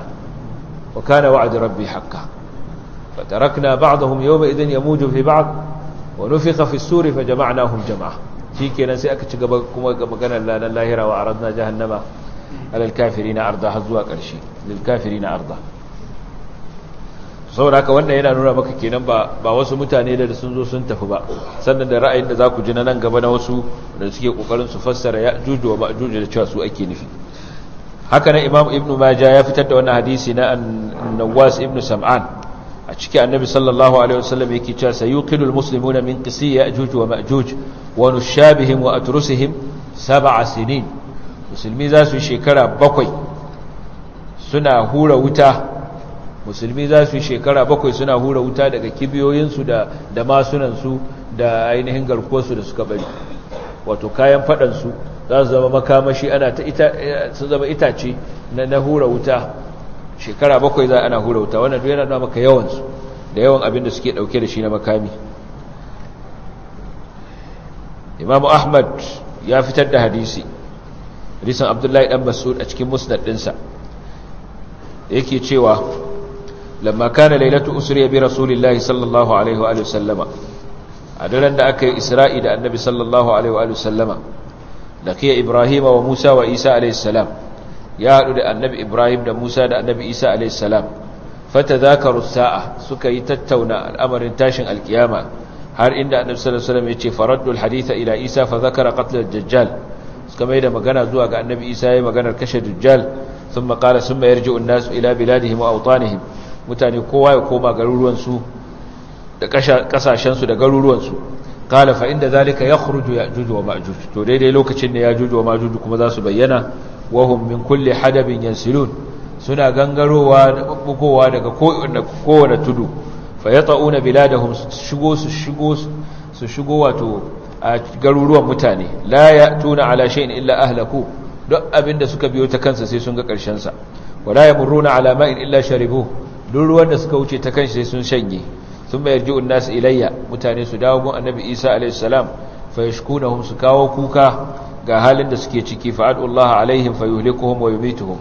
wa kana wa'du rabbi haka fatarakna ba'dahum yawma idhin yamuju fi ba'd wa nufikha fi as-suri fajama'nahum jam'a shikenan sai aka ci gaba kuma ga maganar lanan lahira wa aradna jahannama alal kafirina arda har zuwa ƙarshe lil kafirina arda saboda haka wannan yana nuna maka kenan ba ba wasu mutane da sun zo sun tafi ba sannan da ra'ayin da za ku ji na nan gaba na wasu da suke kokarin su fassara ya juju wa ma'juju da cewa su ake nufi haka nan imam ibn majah ya fitar da wannan hadisi na an-nawas ibn sam'an a ciki annabi sallallahu alaihi wasallam yake cewa sayuqilul muslimuna min qisi ya'juj wa ma'juj wa nushabihim wa atrusihim sab'a sinin musulmi za su shekara bakwai suna hura wuta musulmi za su yi shekara bakwai suna hura wuta daga kibiyoyinsu da da masunansu da ainihin garkuwarsu da suka bari wato kayan fadansu za su zama makamashi ana ta ita zama itace na na hura wuta shekara bakwai za ana hura wuta wannan yana da maka yawansu da yawan abin da suke ɗauke da shi na makami Imam ahmad ya fitar da hadisi hadisin abdullahi dan mas'ud a cikin musnad dinsa yake cewa lamma kana lailatu usriya bi rasulillahi sallallahu alaihi wa sallama a daren da aka yi isra'i da annabi sallallahu alaihi wa sallama laqiya ibrahima wa musa wa isa alaihi salam ya haɗu da annabi ibrahim da musa da annabi isa alaihi salam fatadhakaru sa'a suka yi tattauna al'amarin tashin alkiyama har inda annabi sallallahu ya ce yace faraddul haditha ila isa fa zakara qatl dajjal suka mai da magana zuwa ga annabi isa yi maganar kashe dajjal sun qala thumma yarji'u an-nas ila biladihim a awtanihim mutane kowa ya koma garuruwansu da kasashensu da garuruwansu kala fa inda zalika ya khuruju ya juju wa to daidai lokacin da ya juju wa ma'juj kuma za su bayyana wahum min kulli hadabin yansilun suna gangarowa da bubbukowa daga kowane tudu fa yata'una biladahum shigo su shigo su shigo wato a garuruwan mutane la tuna ala shay'in illa ahlaku duk abinda suka biyo ta kansa sai sun ga karshen sa wala yamurruna ala ma'in illa sharibuhu duk ruwan da suka wuce ta kan shi sun shanye sun bayar ji'un nasu ilayya mutane su dawo gun annabi isa alaihissalam fa yashkunahum su kawo kuka ga halin da suke ciki fa adullah alaihim fa yuhlikuhum wa yumituhum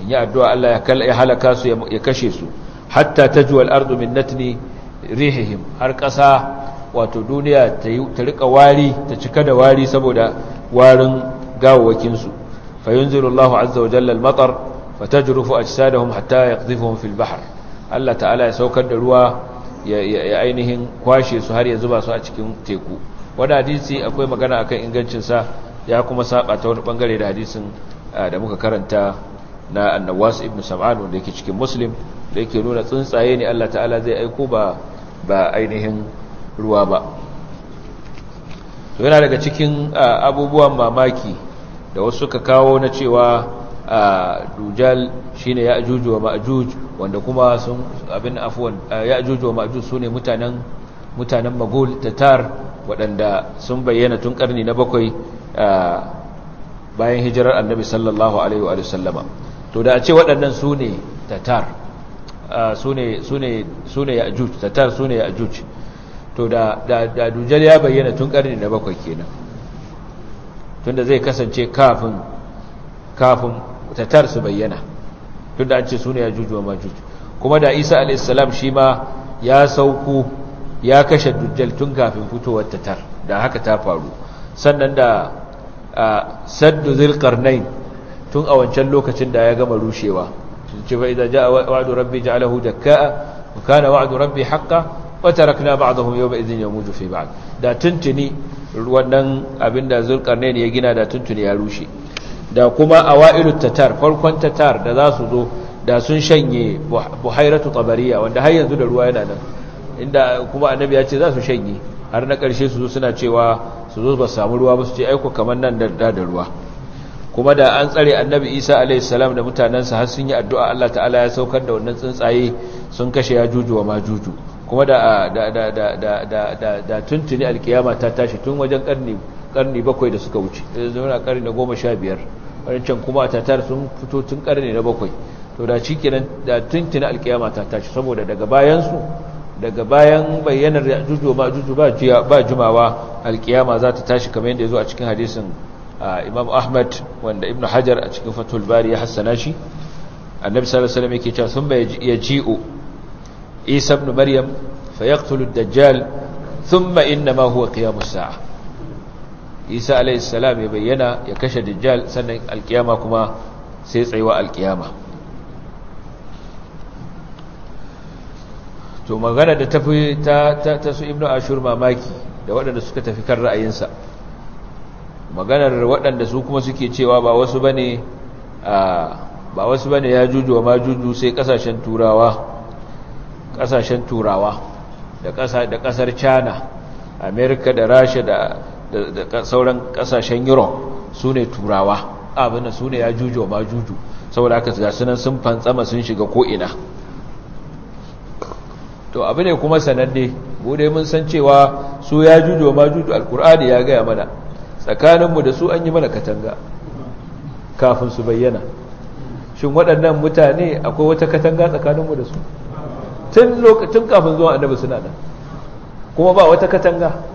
in yi addu'a Allah ya halaka su ya kashe su hatta tajwa al-ardu min natni rihihim har ƙasa wato duniya ta rika wari ta cika da wari saboda warin gawawakin su fa yunzilu Allah azza wa jalla al-matar fa tajrufu ajsadahum hatta yaqdhifuhum fil bahr Allah ta'ala ya saukar da ruwa ya ainihin kwashe su har ya zuba su a cikin teku wani hadisi akwai magana akan ingancinsa ya kuma saba ta wani bangare da hadisin da muka karanta na annawas ibn sam'an wanda yake cikin muslim da yake nuna tsuntsaye ne Allah ta'ala zai aiko ba ba ainihin ruwa ba to yana daga cikin abubuwan mamaki da wasu suka kawo na cewa dujal shine ya'juj wa ma'juj wanda kuma sun abin afwan ya'juj wa ma'juj sune mutanen mutanen magul tatar waɗanda sun bayyana tun karni na bakwai bayan hijirar annabi sallallahu alaihi wa sallama to da a ce waɗannan sune tatar sune sune sune ya'juj tatar sune ya'juj to da da dujal ya bayyana tun karni na bakwai kenan tunda zai kasance kafin kafin tatar su bayyana duk da an ce su ne ya juju wa majuju kuma da isa alaihissalam shi ma ya sauko ya kashe dujjal tun kafin fitowar tatar da haka ta faru sannan da saddu zilkarnain tun a wancan lokacin da ya gama rushewa ce fa idza jaa wa'du rabbi ja'alahu dakkaa wa kana wa'du rabbi haqqan wa tarakna ba'dahum yawma idhin yamuju fi ba'd da tuntuni wannan abinda zulqarnain ya gina da tuntuni ya rushe da kuma awailut tatar farkon tatar da za su zo da sun shanye buhairatu tabariya wanda har yanzu da ruwa yana nan inda kuma annabi ya ce za su shanye har na ƙarshe su zo suna cewa su zo ba samu ruwa ba su ce aiko kamar nan da da ruwa kuma da an tsare annabi isa alaihissalam da mutanensa har sun yi addu'a allah ta'ala ya saukar da wannan tsuntsaye sun kashe ya juju wa ma juju kuma da tuntuni alkiyama ta tashi tun wajen ƙarni karni bakwai da suka wuce yanzu eh, muna karni na goma sha biyar wancan kuma a tatar sun fito tun karni na bakwai to da shi kenan da tuntuna alkiyama ta tashi saboda daga bayansu daga bayan bayyanar yajuju ba juju ba jumawa alkiyama za ta tashi kamar yadda ya zo a cikin hadisin imam ahmad wanda ibnu hajar a cikin fatul bari ya hassana shi annabi sallallahu alaihi wasallam yake cewa sun ya ji'u isa ibn maryam fa ad-dajjal thumma inna ma huwa qiyamus sa'a isa alaihissalam ya bayyana ya kashe dajjal sannan alkiyama kuma sai tsayuwa alkiyama to magana da tafi ta ta su ibnu ashur mamaki da waɗanda suka tafi kan ra'ayinsa maganar waɗanda su kuma suke cewa ba wasu bane ba wasu bane ya juju wa majuju sai kasashen turawa kasashen turawa da ƙasa da ƙasar China America da Russia da da sauran kasashen europe su ne turawa abinda su ne ya juju ma juju saboda aka ga sunan sun fantsama sun shiga ko'ina to abu ne kuma sananne bude mun san cewa su ya juju ma juju alkur'ani ya gaya mana tsakaninmu da su an yi mana katanga kafin su bayyana shin waɗannan mutane akwai wata katanga tsakaninmu da su tun kafin zuwa annabi suna nan kuma ba wata katanga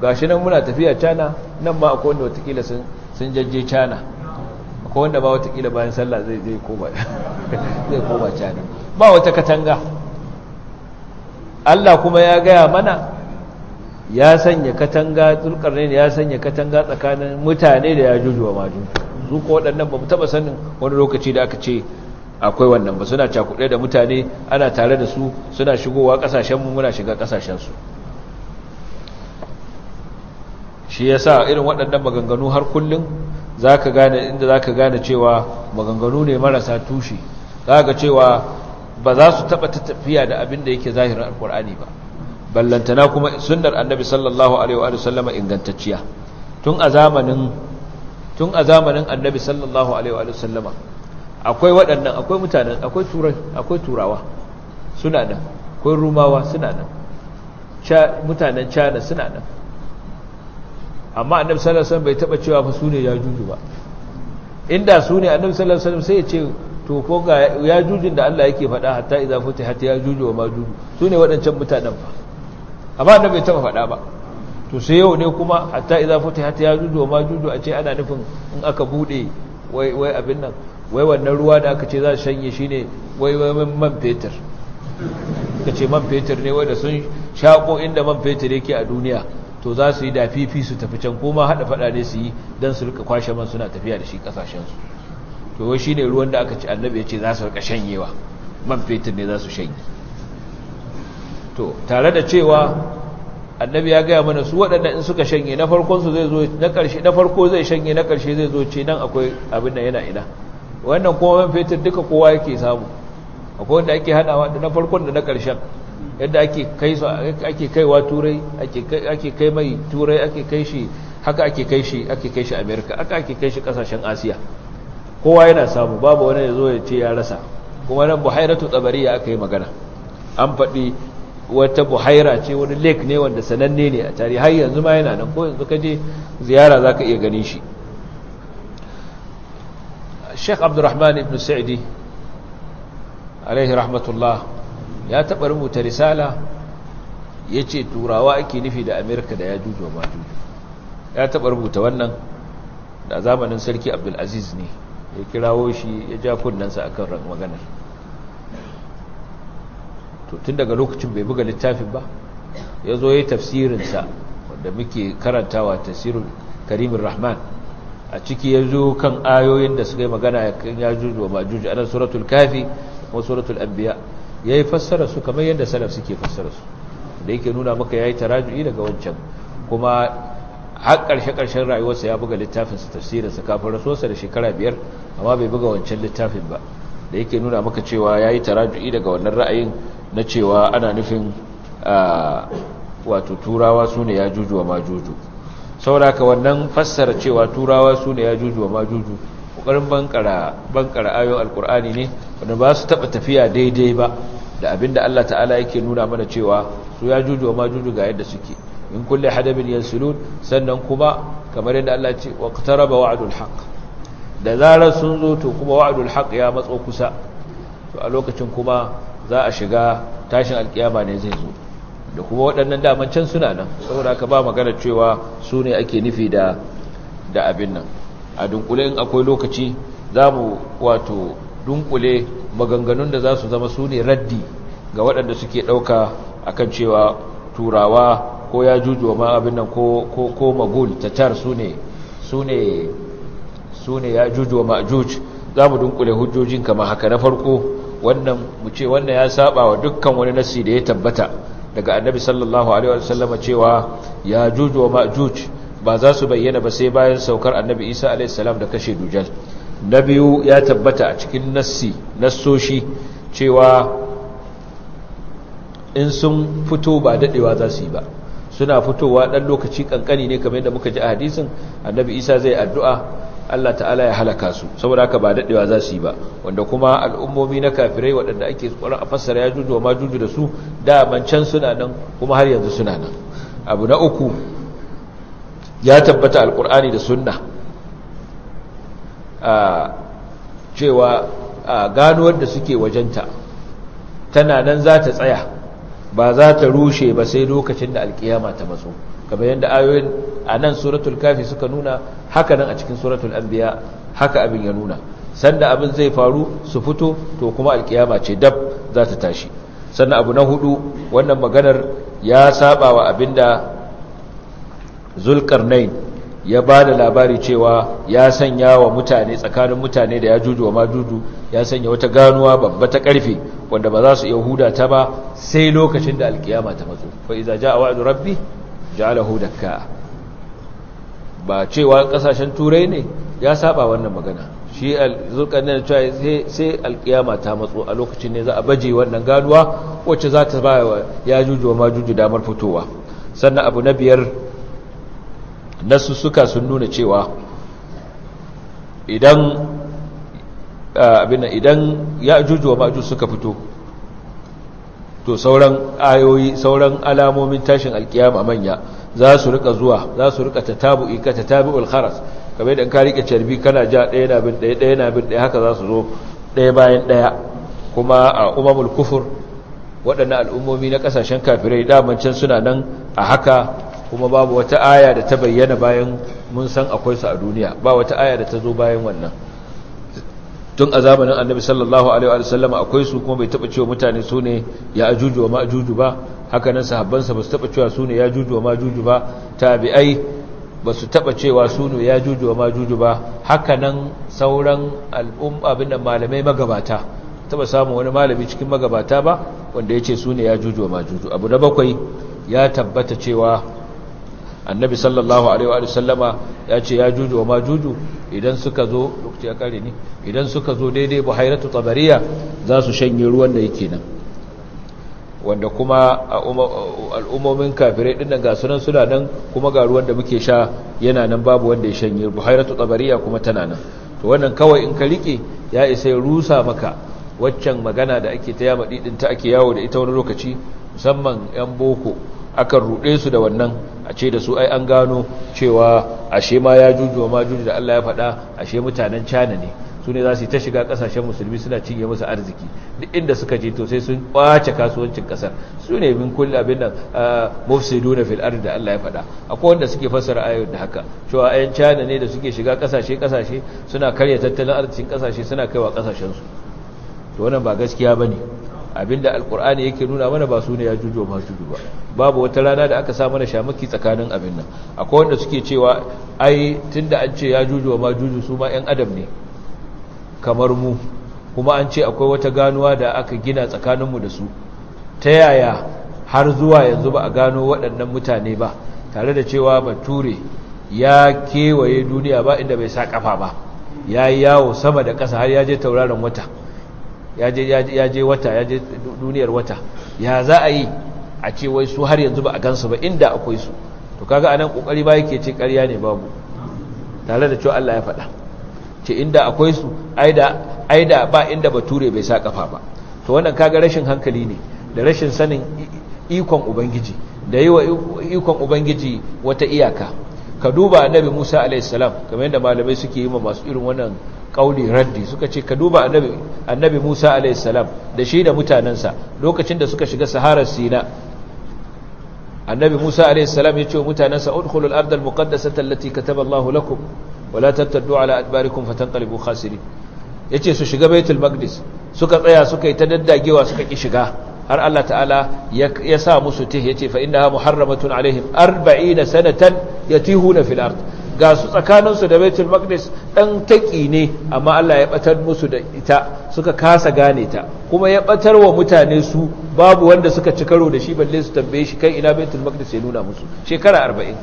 gashi nan muna tafiya cana nan ma akwai wanda watakila sun jajje cana akwai wanda ba watakila bayan sallah zai zai koma cana ba wata katanga Allah kuma ya gaya mana ya sanya katanga ne ya sanya katanga tsakanin mutane da ya jujuwa maju su waɗannan ba mu taɓa sanin wani lokaci da aka ce akwai wannan ba suna cakuɗe da mutane ana tare da su suna shigowa ƙasashenmu muna shiga ƙasashensu shi ya sa irin waɗannan maganganu har kullum ka gane inda ka gane cewa maganganu ne marasa tushe za ka cewa ba za su taɓa ta tafiya da abin da yake zahirin Alƙur'ani ba ballantana kuma sunnar annabi sallallahu alaihi wa sallama ingantacciya tun a zamanin tun a zamanin annabi sallallahu alaihi wa sallama akwai waɗannan akwai mutanen akwai turai akwai turawa suna nan akwai rumawa suna nan mutanen china suna nan amma annabi sallallahu alaihi wasallam bai taba cewa fa sune yajuju ba inda sune annabi sallallahu alaihi wasallam sai ya ce to ko ga yajujin da Allah yake faɗa hatta idza futihat yajuju wa majuju sune waɗancan mutanen fa amma annabi bai taba faɗa ba to sai yau ne kuma hatta idza ya yajuju wa majuju a ce ana nufin in aka bude wai wai abin nan wai wannan ruwa da aka ce za su shanye shine wai wai man fetur kace man fetur ne wai da sun shako inda man fetur yake a duniya to za su yi da fifi su tafi can kuma haɗa faɗa ne su yi don su rika kwashe man suna tafiya da shi ƙasashensu to wai shi ne ruwan da aka ci annabi ya ce za su rika shanyewa man fetur ne za su shanye to tare da cewa annabi ya gaya mana su waɗanda in suka shanye na su zai zo na ƙarshe na farko zai shanye na ƙarshe zai zo ce nan akwai abin da yana ina wannan kuma man fetur duka kowa yake samu akwai wanda ake hadawa da na farkon da na ƙarshen yadda ake kai kaiwa turai ake kai mai turai ake kai shi haka ake kai shi ake kai shi Amerika haka ake kai shi kasashen asiya kowa yana samu babu wani ya zo ya ce ya rasa kuma nan buhairatu tsabariya aka yi magana an faɗi wata buhaira ce wani lake ne wanda sananne ne a tarihi har yanzu ma yana nan ko yanzu ka je ziyara za ka iya ganin shi sheikh abdurrahman ibn sa'idi alaihi rahmatullah ya taɓa rubuta risala ya ce turawa ake nufi da amerika da ya jujuwa ma juju ya taɓa rubuta wannan da zamanin sarki abdulaziz ne ya kirawo shi ya ja kunnansa a kan maganar tun daga lokacin bai buga littafin ba ya zo ya yi tafsirinsa wanda muke karantawa tafsirin karimin rahman a ciki ya zo kan ayoyin da suka yi magana ya jujuwa ma juju anan suratul kafi kuma suratul anbiya' yi fassara su kamar yadda salaf suke fassara su da yake nuna maka ya yi taraju'i daga wancan kuma har ƙarshe karshen rayuwarsa ya buga littafin sa tafsirin su kafin rasuwarsa da shekara biyar amma bai buga wancan littafin ba da yake nuna maka cewa ya yi taraju'i daga wannan ra'ayin na cewa ana nufin wato turawa su ne ya juju wa majuju saboda ka wannan fassara cewa turawa su ne ya juju wa majuju kokarin bankara bankara ayoyin alkur'ani ne wanda ba su taba tafiya daidai ba da abinda Allah ta'ala yake nuna mana cewa su ya juju ma juju ga yadda suke in kulli hadabin yansulun sannan kuma kamar yadda Allah ce waqtaraba wa'dul haqq da zarar sun zo to kuma wa'dul haqq ya matso kusa to a lokacin kuma za a shiga tashin alkiyama ne zai zo da kuma waɗannan daman can suna nan saboda haka ba magana cewa su ne ake nufi da da abin nan a dunkule in akwai lokaci za mu wato dunkule maganganun da za su zama su ne raddi ga waɗanda suke ɗauka a kan cewa turawa ko ya jujuwa ma abin nan ko magul tatar su ne ya jujuwa ma juj za mu dunkule hujjojin kama haka na farko wannan mu ce wannan ya saba wa dukkan wani nasi da ya tabbata daga annabi sallallahu alaihi wasallam cewa ya jujuwa ma juj ba za su bayyana ba sai bayan saukar annabi isa alaihissalam da kashe dujjal na biyu ya tabbata a cikin nassi nassoshi cewa in sun fito ba daɗewa za su yi ba suna fitowa ɗan lokaci ƙanƙani ne kamar yadda muka ji a hadisin annabi isa zai addu'a Allah ta'ala ya halaka su saboda haka ba daɗewa za su yi ba wanda kuma al'ummomi na kafirai waɗanda ake tsoron a fassara ya juju wa ma juju da su da can suna nan kuma har yanzu suna nan abu na uku ya tabbata alkur'ani da sunna a cewa ganuwar da suke wajenta tana nan za ta tsaya ba za ta rushe ba sai lokacin da alkiyama ta matso kamar yadda ayoyin a nan suratul kafi suka nuna haka nan a cikin suratul anbiya haka abin ya nuna sanda abin zai faru su fito to kuma alkiyama ce dab za ta tashi sannan abu na hudu wannan maganar ya saba wa abinda zulkarnain ya ba da labari cewa ya sanya wa mutane tsakanin mutane da ya juju wa majuju ya sanya wata ganuwa babba ta karfe wanda ba za su iya huda ta ba sai lokacin da alkiyama ta matso fa iza jaa wa'du rabbi ja'ala hudaka ba cewa kasashen turai ne ya saba wannan magana shi zulkarnain cewa sai alkiyama ta matsu a lokacin ne za a baje wannan ganuwa wacce za ta ba ya juju wa majuju damar fitowa sannan abu na biyar na suka sun nuna cewa idan abinan idan ya jujuwa suka fito to sauran ayoyi sauran alamomin tashin alkiyama manya za su rika zuwa za su rika tatabu'i ka tatabu'ul kharas kamar idan ka rike carbi kana ja ɗaya na bin ɗaya ɗaya na bin ɗaya haka za su zo ɗaya bayan ɗaya kuma a umamul kufur waɗannan al'ummomi na ƙasashen kafirai daman can suna nan a haka kuma babu wata aya da ta bayyana bayan mun san akwai su a duniya ba wata aya da ta zo bayan wannan tun a zamanin annabi sallallahu alaihi wa sallam akwai su kuma bai taba cewa mutane su ne ya ajuju wa majuju ba haka nan sahabbansa ba su taba cewa su ne ya ajuju wa majuju ba tabi'ai ba su taba cewa su ne ya ajuju wa majuju ba haka nan sauran al'umma abin da malamai magabata taba samu wani malami cikin magabata ba wanda ya ce su ne ya ajuju wa majuju abu na bakwai ya tabbata cewa annabi sallallahu alaihi wa sallama ya ce ya juju wa ma juju idan suka zo lokaci ya kare ni idan suka zo daidai buhairatu tabariya za su shanye ruwan da yake nan wanda kuma al'ummomin kafirai din nan ga sunan suna nan kuma ga ruwan da muke sha yana nan babu wanda ya shanye buhairatu tabariya kuma tana nan to wannan kawai in ka rike ya isa ya rusa maka waccan magana da ake ta yamma didin ta ake yawo da ita wani lokaci musamman yan boko akan ruɗe su da wannan a ce da su ai an gano cewa ashe ma ya juju ma juju da Allah ya faɗa ashe mutanen China ne su ne za su yi ta shiga ƙasashen musulmi suna cinye musu arziki duk inda suka je to sai sun kwace kasuwancin ƙasar su ne min kulli abin nan mufsiduna fil ardi da Allah ya faɗa akwai wanda suke fassara ayoyin da haka cewa ayan China ne da suke shiga ƙasashe ƙasashe suna karya tattalin arzikin ƙasashe suna kaiwa ƙasashen su to wannan ba gaskiya bane abinda alkur'ani yake nuna mana ba su ne ya jujo ba su ba babu wata rana da aka sa mana shamaki tsakanin abin nan akwai wanda suke cewa ai tunda an ce ya jujo ma juju su ma 'yan adam ne kamar mu kuma an ce akwai wata ganuwa da aka gina tsakanin mu da su ta yaya har zuwa yanzu ba a gano waɗannan mutane ba tare da cewa bature ya kewaye duniya ba inda bai sa kafa ba yayi yawo sama da ƙasa har ya je tauraron wata ya je wata ya je duniyar wata ya za a yi a ce wai su har yanzu ba a gansu ba inda akwai su to kaga anan kokari ba yake ce ƙarya ne babu tare da cewa Allah ya faɗa ce inda akwai su aida aida ba inda bature bai sa kafa ba to wannan kaga rashin hankali ne da rashin sanin ikon ubangiji da yi wa ikon ubangiji wata iyaka ka duba annabi Musa salam, kamar yadda malamai suke yi wa masu irin wannan kauli raddi suka ce ka duba annabi annabi Musa salam, da shi da mutanansa lokacin da suka shiga saharar Sina annabi Musa alaihissalam ya ce wa mutanansa udkhulul ardal muqaddasata allati kataba Allahu lakum wala tattaddu ala adbarikum fatanqalibu khasirin yace su shiga baitul maqdis suka tsaya suka yi ta daddagewa suka ki shiga har Allah ta'ala ya sa musu tih ce fa innaha muharramatun alaihim na sanatan ya tihu na ard ga su tsakaninsu da Baitul magnus ɗan taƙi ne amma Allah ya ɓatar musu da ita suka kasa gane ta kuma ya batar wa mutane su babu wanda suka ci karo da shi balle su tambaye shi kai ina Baitul magnus ya nuna musu shekara arba'in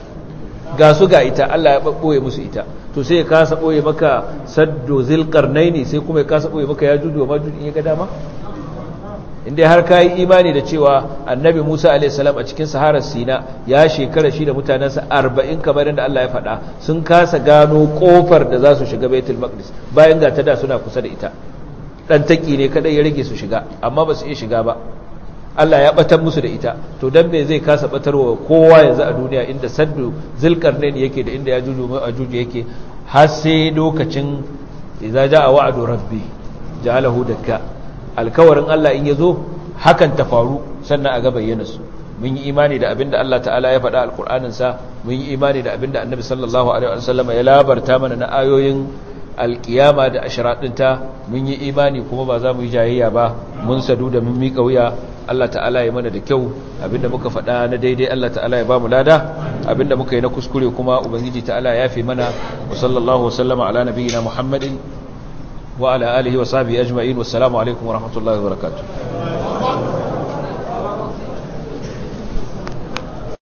ga su ga ita Allah ya ɓoye musu ita to sai ya kasa ɓoye maka saddo ne sai kuma ya kasa ɓoye maka ya wa majuju in ya ga dama inda har kayi imani da cewa annabi musa a.s. a cikin saharar sina ya shekara shi da mutanensa arba'in kamar yadda allah ya faɗa sun kasa gano kofar da za su shiga baitul maqdis bayan ga ta da suna kusa da ita ɗan taki ne kadai ya rage su shiga amma ba su iya shiga ba allah ya batar musu da ita to dan me zai kasa wa kowa yanzu a duniya inda saddu zulƙarnain yake da inda ya juju yake har sai lokacin idza jaa wa'du rabbi ja'alahu dakka alkawarin Allah in ya zo hakan ta faru sannan a ga bayyana su mun yi imani da abinda Allah ta'ala ya faɗa alkur'aninsa mun yi imani da abinda annabi sallallahu alaihi wasallam ya labarta mana na ayoyin alkiyama da ashiraɗinta mun yi imani kuma ba za mu yi jayayya ba mun sadu da mun miƙa wuya Allah ta'ala ya mana da kyau abinda muka faɗa na daidai Allah ta'ala ya ba mu lada abinda muka yi na kuskure kuma ubangiji ta'ala ya fi mana wa sallallahu wasallama ala nabiyyina muhammadin wa ala alihi wa sahbihi ajma'in wassalamu alaikum wa rahmatullahi wa